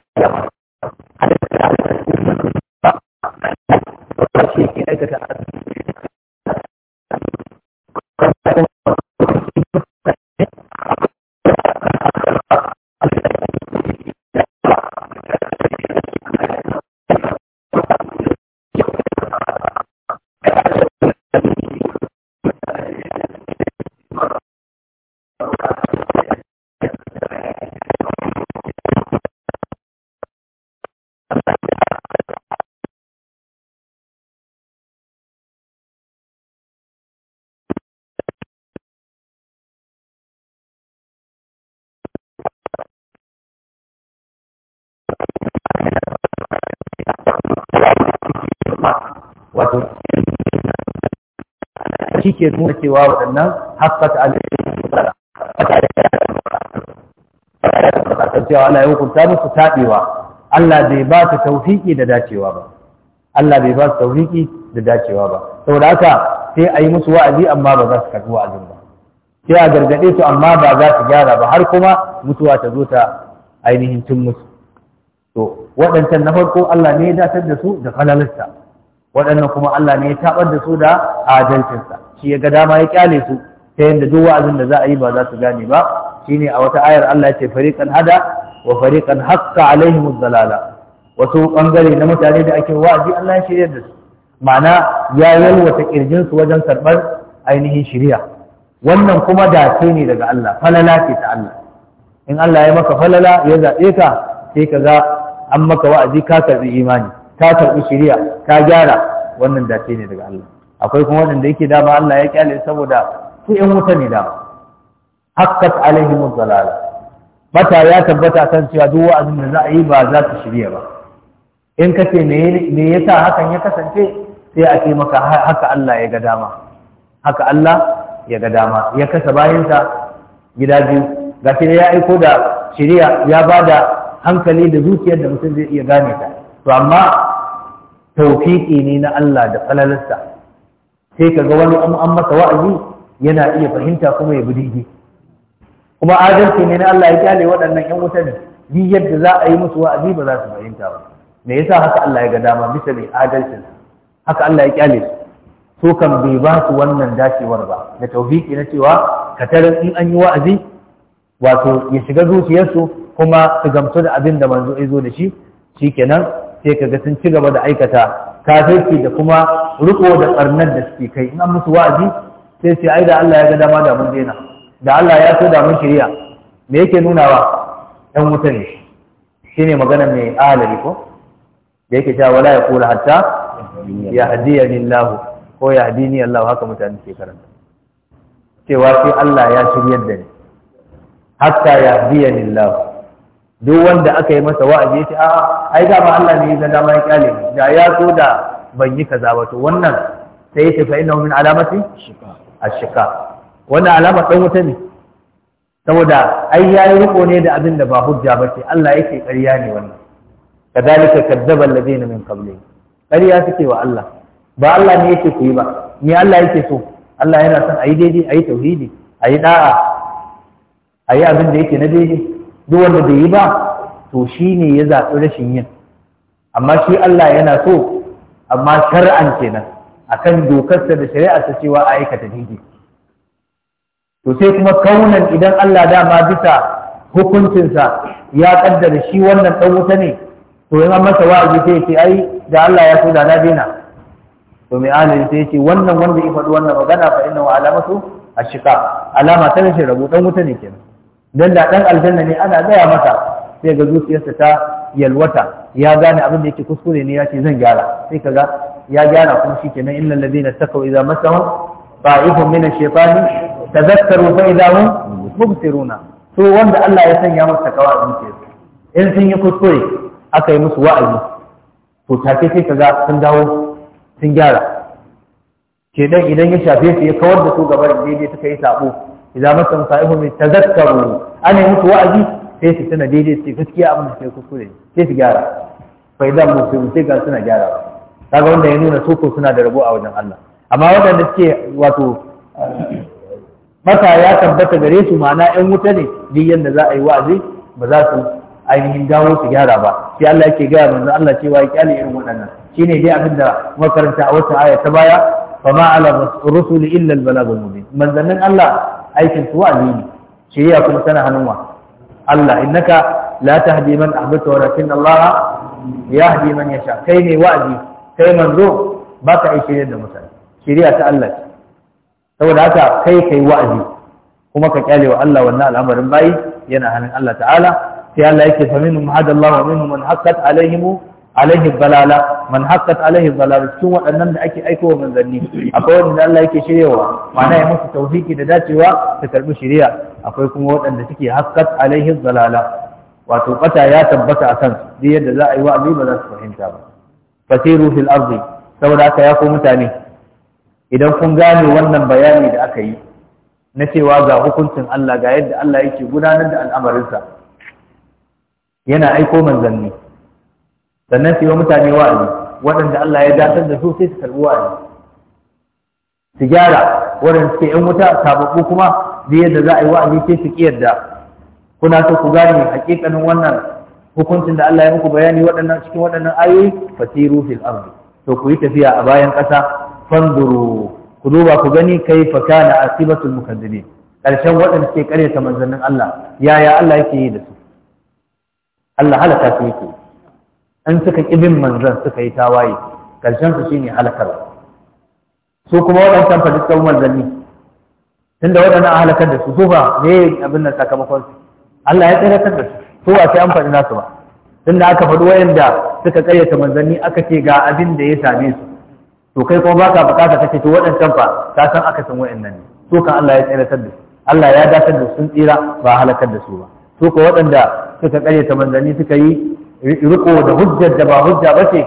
shi ke nuna cewa waɗannan haskaka alaihi cewa Allah ya hukunta musu taɓewa Allah bai ba su tauhiki da dacewa ba Allah bai ba su tauhiki da dacewa ba saboda haka sai a yi musu wa'azi amma ba za su karɓi wa'azin ba sai a gargaɗe su amma ba za su gyara ba har kuma mutuwa ta zo ta ainihin cin musu to waɗancan na farko Allah ne ya datar da su da falalarsa waɗannan kuma Allah ne ya taɓar da su da adalcinsa shi ya ga dama ya kyale su ta yadda duk wa'azin da za a yi ba za su gane ba shine a wata ayar Allah ya ce fariqan hada wa fariqan haqqa alaihim ad wasu bangare na mutane da ake wa'azi Allah ya da su ma'ana ya yalwata kirjin su wajen karbar ainihin shiriya wannan kuma dace ne daga Allah falala ce ta Allah in Allah ya maka falala ya zaɓe ka sai ka ga an maka wa'azi ka karɓi imani ka karɓi shiriya ka gyara wannan dace ne daga Allah akwai kuma wanda yake dama Allah ya kyale saboda su wuta ne dama hakkat alaihi muzalala Mata ya tabbata kan cewa duk wa'azin da za a yi ba za ta shirya ba in ka ce me yasa hakan ya kasance sai a ce maka haka Allah ya ga dama haka Allah ya ga dama ya kasa bayansa gida biyu ga shi ya aiko da shirya ya ba da hankali da zuciyar da mutum zai iya gane ta to amma tawfiki ne na Allah da falalarsa sai kaga wani an masa wa'azi yana iya fahimta kuma ya bi kuma adalci ne na Allah ya kyale waɗannan ƴan wuta ne yadda za a yi musu wa'azi ba za su fahimta ba me yasa haka Allah ya ga dama bisa mai adalcin haka Allah ya kyale su so kan bai ba su wannan dacewar ba da tawfiki na cewa katarin in an yi wa'azi wato ya shiga zuciyarsu kuma su gamsu da abin da manzo ya zo da shi shikenan sai kaga sun ci gaba da aikata kafirci da kuma riko da karnar da suke kai in an musu wa'azi sai sai ai da Allah ya ga dama da mun daina da Allah ya so da mun shirya me yake nunawa ɗan wuta ne shine magana mai alari ko da yake cewa wala kula hatta yahdiyani Allah ko yahdini Allah haka mutane ke karanta cewa sai Allah ya shiryar da ni hatta yahdiyani Allah duk wanda aka yi masa wa'azi ya ce a ai ma Allah ne ya dama ya kyale da ya so da ban yi kaza ba to wannan sai ya ce fa innahu min alamati ashika wannan alama dan wuta ne saboda ai yayi riko ne da abin da ba hujja ba ce Allah yake ƙarya ne wannan kadalika kadzaba alladhina min qabli ƙarya suke wa Allah ba Allah ne yake ku yi ba ni Allah yake so Allah yana son ayi daidai ayi tauhidi ayi da'a ayi abin da yake na daidai duk wanda bai yi ba to shi ne ya zaɓi rashin yin amma shi Allah yana so amma shar'an kenan akan dokarsa da shari'arsa cewa a aikata daidai to sai kuma kaunan idan Allah dama bisa hukuncinsa ya kaddara shi wannan dan wuta ne to yana masa wa'azi sai ce ai da Allah ya so da na dena. to mai alin sai ce wannan wanda ya faɗi wannan magana fa wa alamatu ashiqa alama ta rashin rabu dan wuta ne kenan dan da dan aljanna ne ana gaya masa sai ga zuciyarsa ta yalwata ya gane abin da yake kuskure ne ya ce zan gyara sai kaga ya gyara kuma shikenan illal ladina takaw idza masahum ta'ifun min ash-shaytani tadhakkaru fa idza hum mubsiruna to wanda Allah ya sanya masa kawa a zuciyarsa in sun yi kuskure aka yi musu wa'azi to take sai kaga sun dawo sun gyara ke dan idan ya shafe su ya kawar da su gaba da daidai suka yi sabo idan masu sa'ihu mai tazakkaru a ne musu wa'azi sai su tana daidai su gaskiya abin da sai kuskure sai su gyara fa idan musu sai ga suna gyara kaga wanda ya nuna su suna da rabo a wajen Allah amma waɗanda suke wato mata ya tabbata gare su ma'ana ƴan wuta ne duk yadda za a yi wa'azi ba za su ainihin dawo su gyara ba sai Allah yake gaya manzo Allah cewa ya kyale irin waɗannan shine dai abin da makaranta a wata aya ta baya fa ma ala rusul illa al balagh al mubin manzannin Allah aikin su wa'azi ne shirya kuma tana hannun wa Allah innaka la tahdi man ahbabta walakin Allah yahdi man yasha kai ne wa'azi kai manzo baka aiki yadda da mutane shari'a ta Allah saboda haka kai kai wa'azi kuma ka kyale wa Allah wannan al'amarin bai? yana hannun Allah ta'ala sai Allah yake fa minhum hadallahu wa minhum man haqqat alaihim alaihi balala man haqqat alaihi balala cikin waɗannan da ake aikowa manzanni akwai wanda Allah yake shiryawa ma'ana ya musu tauhiki da dacewa ta karbi shiriya akwai kuma waɗanda suke haqqat alaihi balala wato ƙata ya tabbata akan su duk yadda za a yi wa'azi ba za su fahimta ba fasiru fil ardi saboda haka ya ko mutane idan kun gane wannan bayani da aka yi na cewa ga hukuncin Allah ga yadda Allah yake gudanar da al'amarinsa yana aiko manzanni sannan su yi wa mutane wa'azi waɗanda Allah ya datar da su sai su karɓi wa'azi su gyara waɗanda suke yan wuta sababbu kuma da yadda za a yi wa'azi sai su kiyarda kuna so ku gane hakikanin wannan hukuncin da Allah ya muku bayani waɗannan cikin waɗannan ayoyi fasiru fil ardi to ku yi tafiya a bayan ƙasa fanduru ku duba ku gani kai kaifa kana asibatul mukaddibin karshen waɗanda suke karyata manzannin Allah yaya Allah yake yi da su Allah halaka su yake yi in suka ƙibin manzan suka yi tawaye Karshen su shine halakar su kuma waɗancan fa dukkan manzanni tunda waɗannan a halakar da su su ba ne abin nan sakamakon su Allah ya tsiratar da su su ba sai an faɗi nasu ba tunda aka faɗi wayanda suka ƙayyata manzanni aka ce ga abin da ya same su to kai kuma baka bukata kace to waɗancan fa ka san aka san wayannan ne su kan Allah ya tsiratar da su Allah ya dakatar da sun tsira ba halakar da su ba su ko waɗanda suka ƙayyata manzanni suka yi riko da hujjar da ba hujja ba ce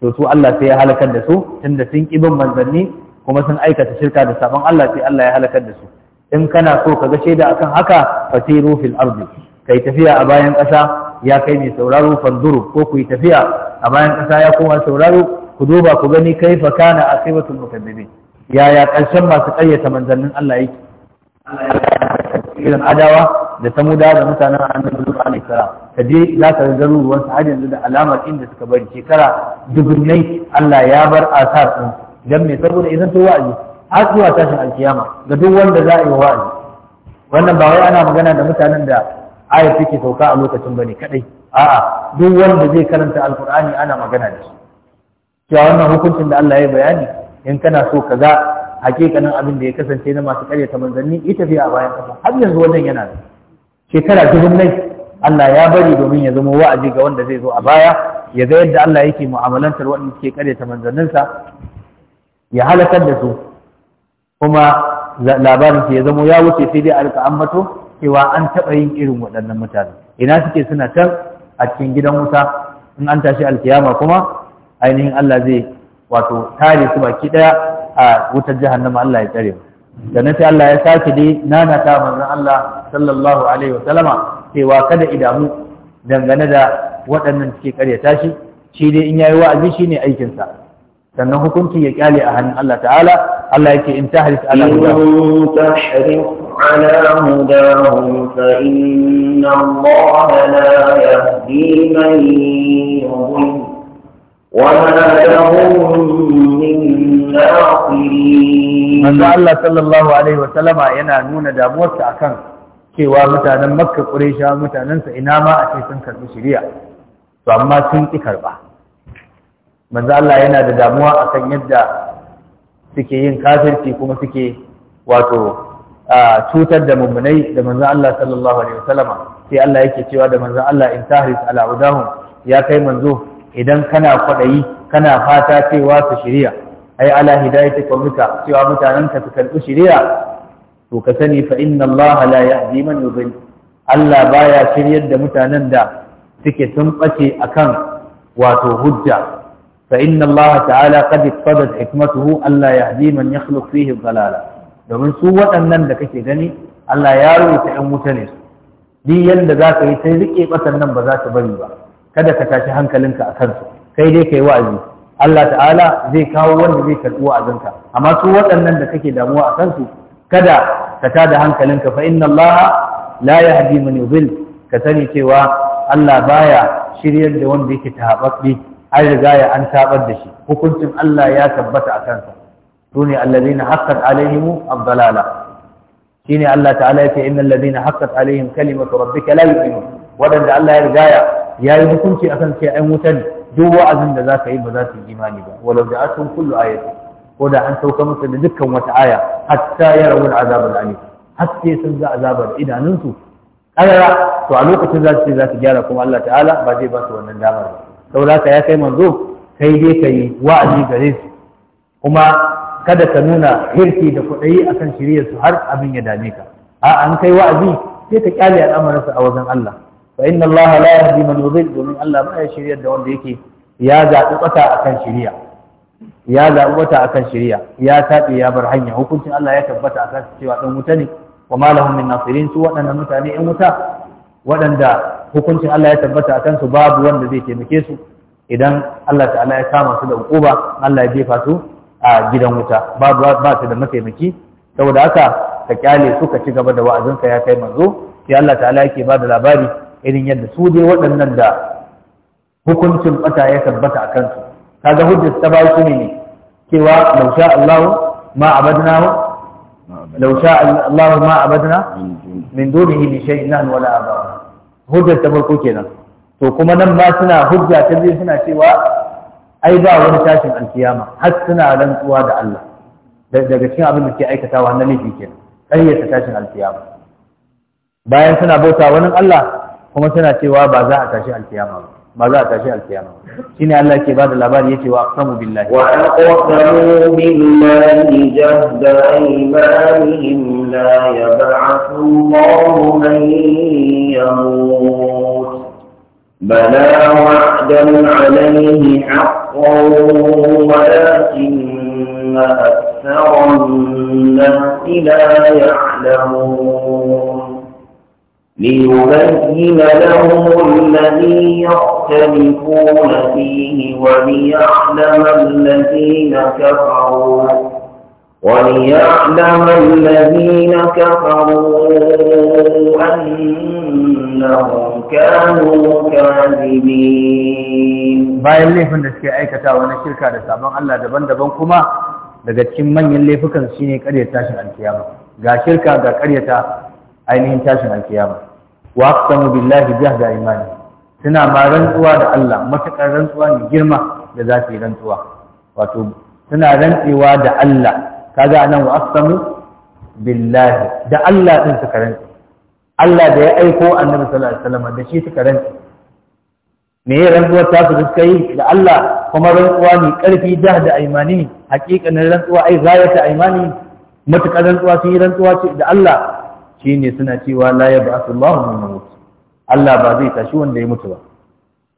to su Allah sai ya halakar da su tunda sun ƙi bin manzanni kuma sun aikata shirka da sabon Allah sai Allah ya halakar da su in kana so ka ga shaida akan haka fasiru fil ardi kai tafiya a bayan ƙasa ya kai mai sauraro fanduru. ko ku yi tafiya a bayan ƙasa ya kuma sauraro ku duba ku gani kaifa kana asibatul mukadzibin yaya ƙarshen masu ƙayyata manzannin Allah yake irin adawa da ta muda da mutanen annabi Lut alaihi salam ka je za ka ga garuruwan su har yanzu da alamar inda suka bari shekara dubunnai Allah ya bar asar din dan me saboda idan to wa'azi har zuwa tashin alkiyama ga duk wanda za a yi wa'azi wannan ba wai ana magana da mutanen da ayat take sauka a lokacin bane kadai a'a duk wanda zai karanta alqur'ani ana magana da shi cewa wannan hukuncin da Allah ya bayani in kana so ga hakikanin abin da ya kasance na masu ta manzanni ita tafiya a bayan kasa har yanzu wannan yana da shekara dubun nai Allah ya bari domin ya zama wa'azi ga wanda zai zo a baya ya ga yadda Allah yake mu'amalantar waɗanda suke ta manzanninsa ya halakar da su kuma labarin ya zama ya wuce sai dai a rika mato cewa an taɓa yin irin waɗannan mutane ina suke suna can a cikin gidan wuta in an tashi alkiyama kuma ainihin Allah zai wato tare su baki ɗaya a wutar jahannama Allah ya tsare mu da na sai Allah ya sake dai nana ta manzon Allah sallallahu alaihi wasallama cewa kada idamu dangane da waɗannan suke karyata shi shi dai in yayi wa'azi shi aikin sa sannan hukunci ya kyale a hannun Allah ta'ala Allah yake in tahris ala hudahu على هداهم فإن الله لا يهدي من يضل وما Allah sallallahu Alaihi wasallama yana nuna damuwarsa akan cewa mutanen Makka Quraysha mutanensa ina ma a ce sun karɓi shari'a to amma sun ƙi karba manzo Allah yana da damuwa akan yadda suke yin kafirci kuma suke wato cutar da mummunai da manzo Allah sallallahu alaihi wasallama sai Allah yake cewa da manzo Allah in tahris ala udahum ya kai manzo idan kana kwaɗayi kana fata cewa su shirya ai ala ta qawmika cewa mutanenka su karɓi shirya to ka sani fa inna Allah la ya man yudhil Allah baya shiryar da mutanen da suke sun a akan wato hujja fa inna Allah ta'ala qad ittadat hikmatuhu Allah yahdi man yakhluq fihi dhalala domin su waɗannan da kake gani Allah ya rubuta 'yan wuta ne su duk yanda za ka yi sai rike ɓatan nan ba za ta bari ba kada ka tashi hankalinka a kansu kai dai kai wa'azi Allah ta'ala zai kawo wanda zai karɓi wa'azinka amma su waɗannan da kake damuwa a kansu kada ka tada hankalinka fa inna Allah la yahdi man yudhil ka sani cewa Allah baya shiryar da wanda yake taɓaɓɓe an riga ya an tabar da shi hukuncin Allah ya tabbata a kansa sune allazina haqqat alaihim ad-dalala shine Allah ta'ala ya ce innal ladina haqqat alaihim kalimatu rabbika la yu'minun wadanda Allah ya rigaya ya yi hukunci akan ce ‘yan wutan. duk wa'azin da za ka yi ba za su yi imani ba walau da atun kullu ayatu ko da an sauka musu da dukkan wata aya hatta ya rawul azabul alim haske sun ga azabar idanunsu ƙarara to a lokacin za su ce za su gyara kuma Allah ta'ala ba zai ba su wannan damar ba saboda ka ya kai manzo kai dai ka yi wa'azi gare su kuma kada ka nuna hirki da kuɗayi akan shiryar su har abin ya dame ka a an kai wa'azi sai ka kyale al'amarinsu a wajen Allah fa inna Allah la yahdi man yudhil domin Allah ba ya shiryar da wanda yake ya zaɓi kwata akan shiriya ya zaɓi wata akan shiriya ya taɓe ya bar hanya hukuncin Allah ya tabbata a kansu cewa wuta ne wa ma lahum min nasirin su waɗannan mutane yan wuta waɗanda hukuncin Allah ya tabbata a kansu babu wanda zai taimake su idan Allah ta'ala ya kama su da uquba Allah ya jefa su a gidan wuta babu basu da mataimaki saboda haka ka kyale su ka ci gaba da wa'azinka ya kai manzo sai Allah ta'ala yake ba da labari irin yadda su dai waɗannan da hukuncin bata ya tabbata a kansu kaga hujjar ta bai su ne cewa law sha Allah ma abadna law sha Allah ma abadna min dunihi min shay'in nahnu wala aba hujjar ta farko kenan to kuma nan ma suna hujja ta biyu suna cewa ai ba wani tashin alkiyama har suna rantsuwa da Allah daga cikin abin da ke aikatawa na laifi kenan ƙaryata tashin alkiyama bayan suna bauta wani Allah kuma suna cewa ba za a tashi alkiyama ba ba za a tashi alkiyama shi ne Allah ke ba da labari ya ce wa aqsamu billahi wa aqsamu billahi jahda aymanihim la yab'athu Allahu man yamut bala wa'dan alayhi haqqan walakin akthara an-nasi la ya'lamun ليبين لهم الذي يختلفون فيه وليعلم الذين كفروا وليعلم الذين كفروا أنهم كانوا كاذبين bayan laifin da suke aikatawa na shirka da sabon Allah daban-daban kuma daga cikin manyan laifukan shine ƙaryata tashin alkiyama ga shirka ga ƙaryata ainihin tashin alkiyama wa aqsamu billahi jahda imani suna ma rantsuwa da Allah matakar rantsuwa ne girma da za su yi rantsuwa wato suna rantsewa da Allah kaga anan wa aqsamu billahi da Allah din suka rantsu. Allah da ya aiko annabi sallallahu alaihi wasallam da shi suka rantsu. me ya rantsuwar ta su suka yi da Allah kuma rantsuwa ne karfi jahda imani hakikanin rantsuwa ai zayata imani matakar rantsuwa sun yi rantsuwa ce da Allah Shi ne suna cewa la yab'athu Allahu man yamut Allah ba zai tashi wanda ya mutu ba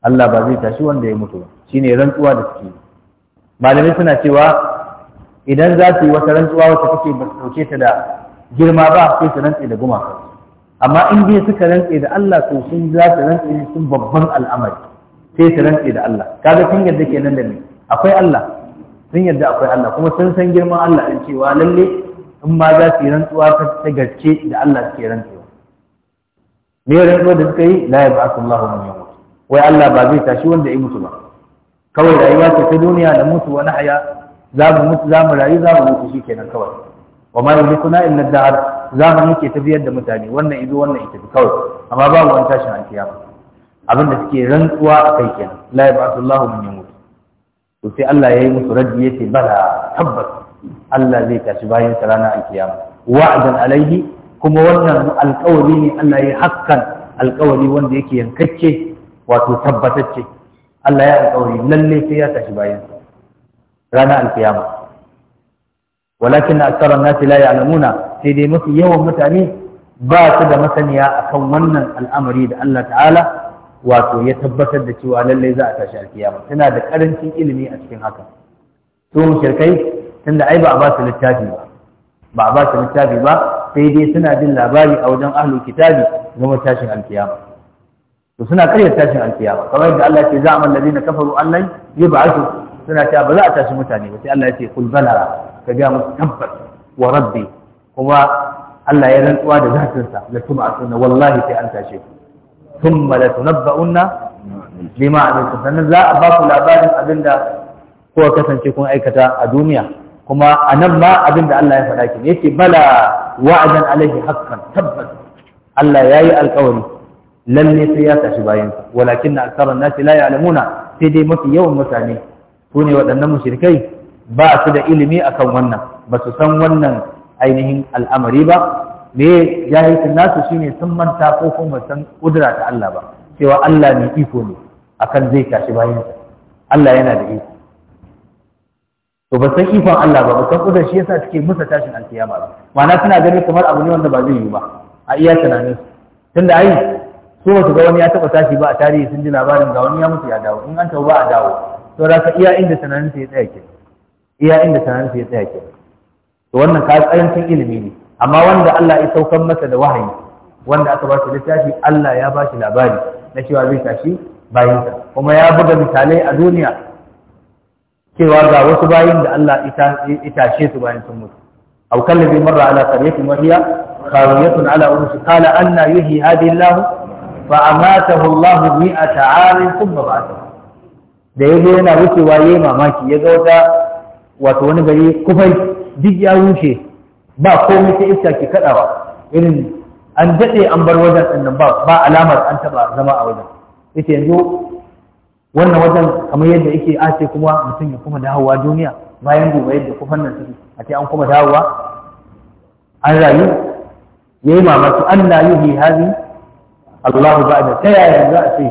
Allah ba zai tashi wanda ya mutu ba Shi ne rantsuwa da suke malamai suna cewa idan za su yi wata rantsuwa wacce take ba su dauke ta da girma ba sai su rantse da gumaka amma in dai suka rantse da Allah to sun za su rantse sun babban al'amari sai su rantse da Allah kaga sun yadda kenan da ni akwai Allah sun yadda akwai Allah kuma sun san girman Allah in cewa lalle in ma za su yi rantsuwa ta gaske da Allah suke rantsuwa me rantsuwa da suka yi la yab'athu Allahu man yamut wai Allah ba zai tashi wanda ya mutu ba kawai rayuwa ce ta duniya da mutu wani haya za mu mutu za mu rayu za mu mutu shikenan kawai wa ma yulikuna illa da'ar zamani ke tafiyar da mutane wannan izo wannan ita kawai amma babu wani tashin ba abin da suke rantsuwa a kai kenan la yab'athu Allahu man yamut to sai Allah ya yi musu raddi yace bala tabbas Allah zai tashi bayan sa ranar alkiyama wa'adan alaihi kuma wannan alkawari ne Allah ya hakkan alkawari wanda yake yankacce wato tabbatacce Allah ya alkawari lalle sai ya tashi bayan sa ranar alkiyama walakin aktharan nasi la ya'lamuna sai dai mafi yawan mutane ba su da masaniya akan wannan al'amari da Allah ta'ala wato ya tabbatar da cewa lallai za a tashi alkiyama tana da karancin ilimi a cikin haka su mushrikai tunda ai ba a ba su littafi ba ba a ba su littafi ba sai dai suna jin labari a wajen ahlul kitabi game tashin alkiyama to suna karyar tashin alkiyama kamar yadda Allah ya ce za a mallabi na kafaru Allah yi ba su suna cewa ba za a tashi mutane ba sai Allah ya ce kul bala ka ga musu tabbas wa rabbi kuma Allah ya rantsuwa da zatinsa la tub'atuna wallahi sai an tashe ku thumma la tunabba'unna bima amiltum sannan za a ba ku labarin abinda ko kasance kun aikata a duniya kuma a nan ma abin da Allah ya faɗa ki yake bala wa'adan alaihi haqqan tabbas Allah yayi alƙawari lalle sai ya tashi bayan walakin aktharun nasi la ya'lamuna sai dai mafi yawan mutane su ne waɗannan mushrikai ba su da ilimi akan wannan ba su san wannan ainihin al'amari ba me jahilcin nasu shine sun manta ko kuma san kudura ta Allah ba cewa Allah ne iko ne akan zai tashi bayan Allah yana da iko to ba san ikon Allah ba ba san kudar shi yasa suke musa tashin alkiyama ba ma'ana suna ganin kamar abu ne wanda ba zai yi ba a iya tunanin tunda ai so su ga wani ya taba tashi ba a tarihi sun ji labarin ga wani ya mutu ya dawo in an ba a dawo to da ka iya inda tunanin ya tsaya ke iya inda tunanin ya tsaya ke to wannan ka karancin ilimi ne amma wanda Allah ya saukan masa da wahayi wanda aka ba shi littafi Allah ya ba shi labari na cewa zai tashi bayinsa. kuma ya buga misalai a duniya cewa ga wasu bayin da Allah itace su bayan sun mutu aw kallabi marra ala qaryatin wa hiya ala urushi qala anna yuhyi hadhihi Allah fa amatahu Allah mi'ata 'amin thumma ba'athahu da yazo yana wucewa yayi mamaki ya ga wata wato wani gari kufai duk ya rushe ba komai sai iska ke kadawa irin an dade an bar wajen din ba ba alamar an taba zama a wajen yace yanzu wannan wajen kamar yadda yake a ce kuma mutum ya kuma dawowa duniya bayan gobe yadda kufan nan suke a ce an kuma dawowa an rayu ya yi mamaki an na yi hi hazi Allahu ba'da ta yaya za a ce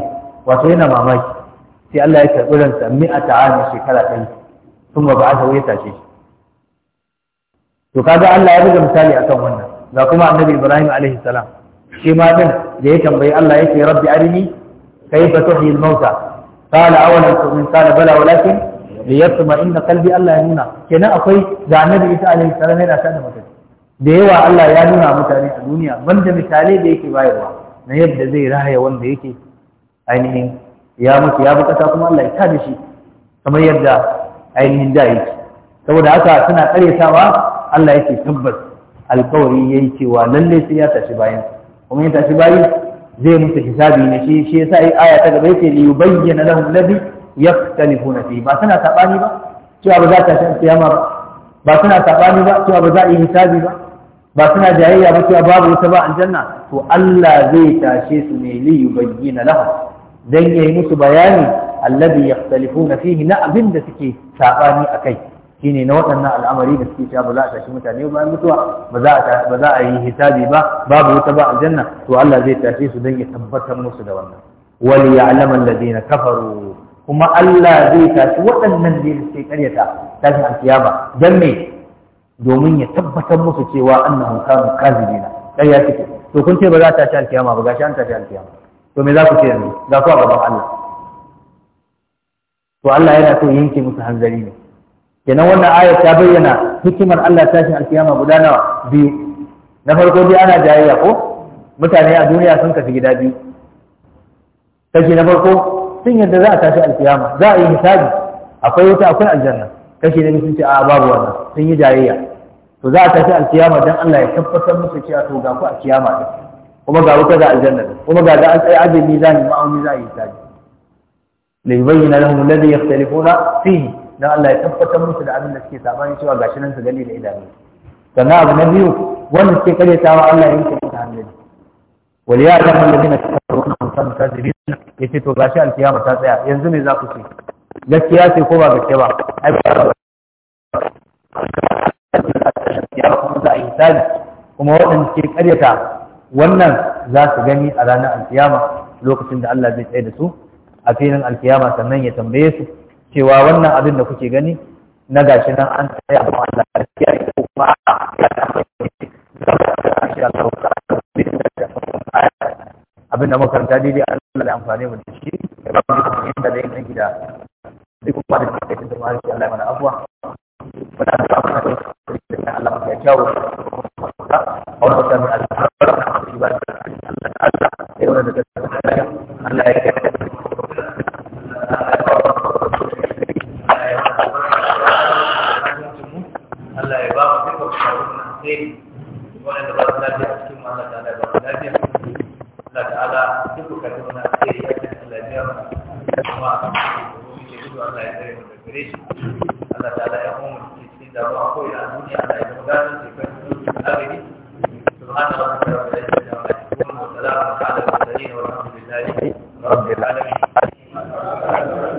wato yana mamaki sai Allah ya karɓi ransa mi'ata ami shekara ɗari sun ba ba'a ya tashe shi to kaga Allah ya buga misali akan wannan ga kuma annabi Ibrahim alaihi salam shi ma din da ya tambayi Allah ya yake rabbi arini kayfa tuhyi al-mauta قال أولا تؤمن قال بلى ولكن ليطمع إن قلبي الله ينونا كنا أخي ذا النبي إساء عليه السلام هنا duniya متن ديوا الله ينونا متاني الدنيا من ذا مثالي ديك بايروا نيبدأ زي راهي وان ديك ainihin ya mutu ya bukata kuma Allah ya da shi kamar yadda ainihin da yake saboda haka suna sawa Allah yake tabbas alkawari yayi cewa lallai sai ya tashi bayan kuma ya tashi bayan zai musu hisabi ne shi shi yasa ai aya ta gaba yace yubayyana lahum ladhi yaftalifuna fi ba suna sabani ba cewa ba za ta shi kiyama ba ba suna sabani ba cewa ba za a yi hisabi ba ba suna jayayya ba cewa babu wata ba aljanna to Allah zai tashe su ne li yubayyana lahum dan yayi musu bayani alladhi yaftalifuna fihi na abin da suke sabani akai shine na waɗannan al'amari da suke cewa ba za a tashi mutane bayan mutuwa ba za a yi hisabi ba babu wuta ba aljanna to Allah zai tashe su don ya tabbatar musu da wannan wal ya'lamu alladhina kafaru kuma Allah zai tashi waɗannan da suke karyata tashin alkiyama dan me domin ya tabbatar musu cewa annahum kanu kazibina ƙarya suke to kun ce ba za a tashi alkiyama ba gashi an tashi alkiyama to me za ku ce yanzu za ku a gaban Allah to Allah yana so yanke musu hanzari ne kenan wannan ayar ta bayyana hikimar Allah tashin alkiyama guda nawa biyu na farko dai ana jayayya ko mutane a duniya sun kafi gida biyu kashi na farko sun yadda za a tashi alkiyama za a yi hisabi akwai wuta akwai aljanna kashi na sun ce a babu wannan sun yi jayayya to za a tashi alkiyama dan Allah ya tabbatar musu cewa to ga ku a kiyama din kuma ga wuta ga aljanna din kuma ga ga an tsaya ajin mizani ma'auni za a yi hisabi ليبين لَهُمُ الَّذِي يَخْتَلِفُونَ فِيهِ dan Allah ya tabbatar musu da abin da suke sabani cewa gashi nan su gani da idanu sannan abu na biyu wanda suke wa Allah ya ta yi yanke musu hanzari wal ya'lamu alladhina kafaru annahum sanu Ya ce to gashi alkiyama ta tsaya yanzu me za ku ce gaskiya ce ko ba gaskiya ba ai ba ya kuma za a yi tsari kuma waɗanda ke karyata wannan za su gani a ranar alkiyama lokacin da Allah zai tsaye da su a filin alkiyama sannan ya tambaye su cewa wannan abin da kuke gani na gashi nan an tsaya a Allah gaskiya ko kuma a ya abin da makaranta daidai Allah da amfani mu da shi da ba mu kuma inda gida sai kuma da kai da mari Allah mana afwa wala ta ba da Allah ya kyawu Allah ta bi Allah Allah ya kyawu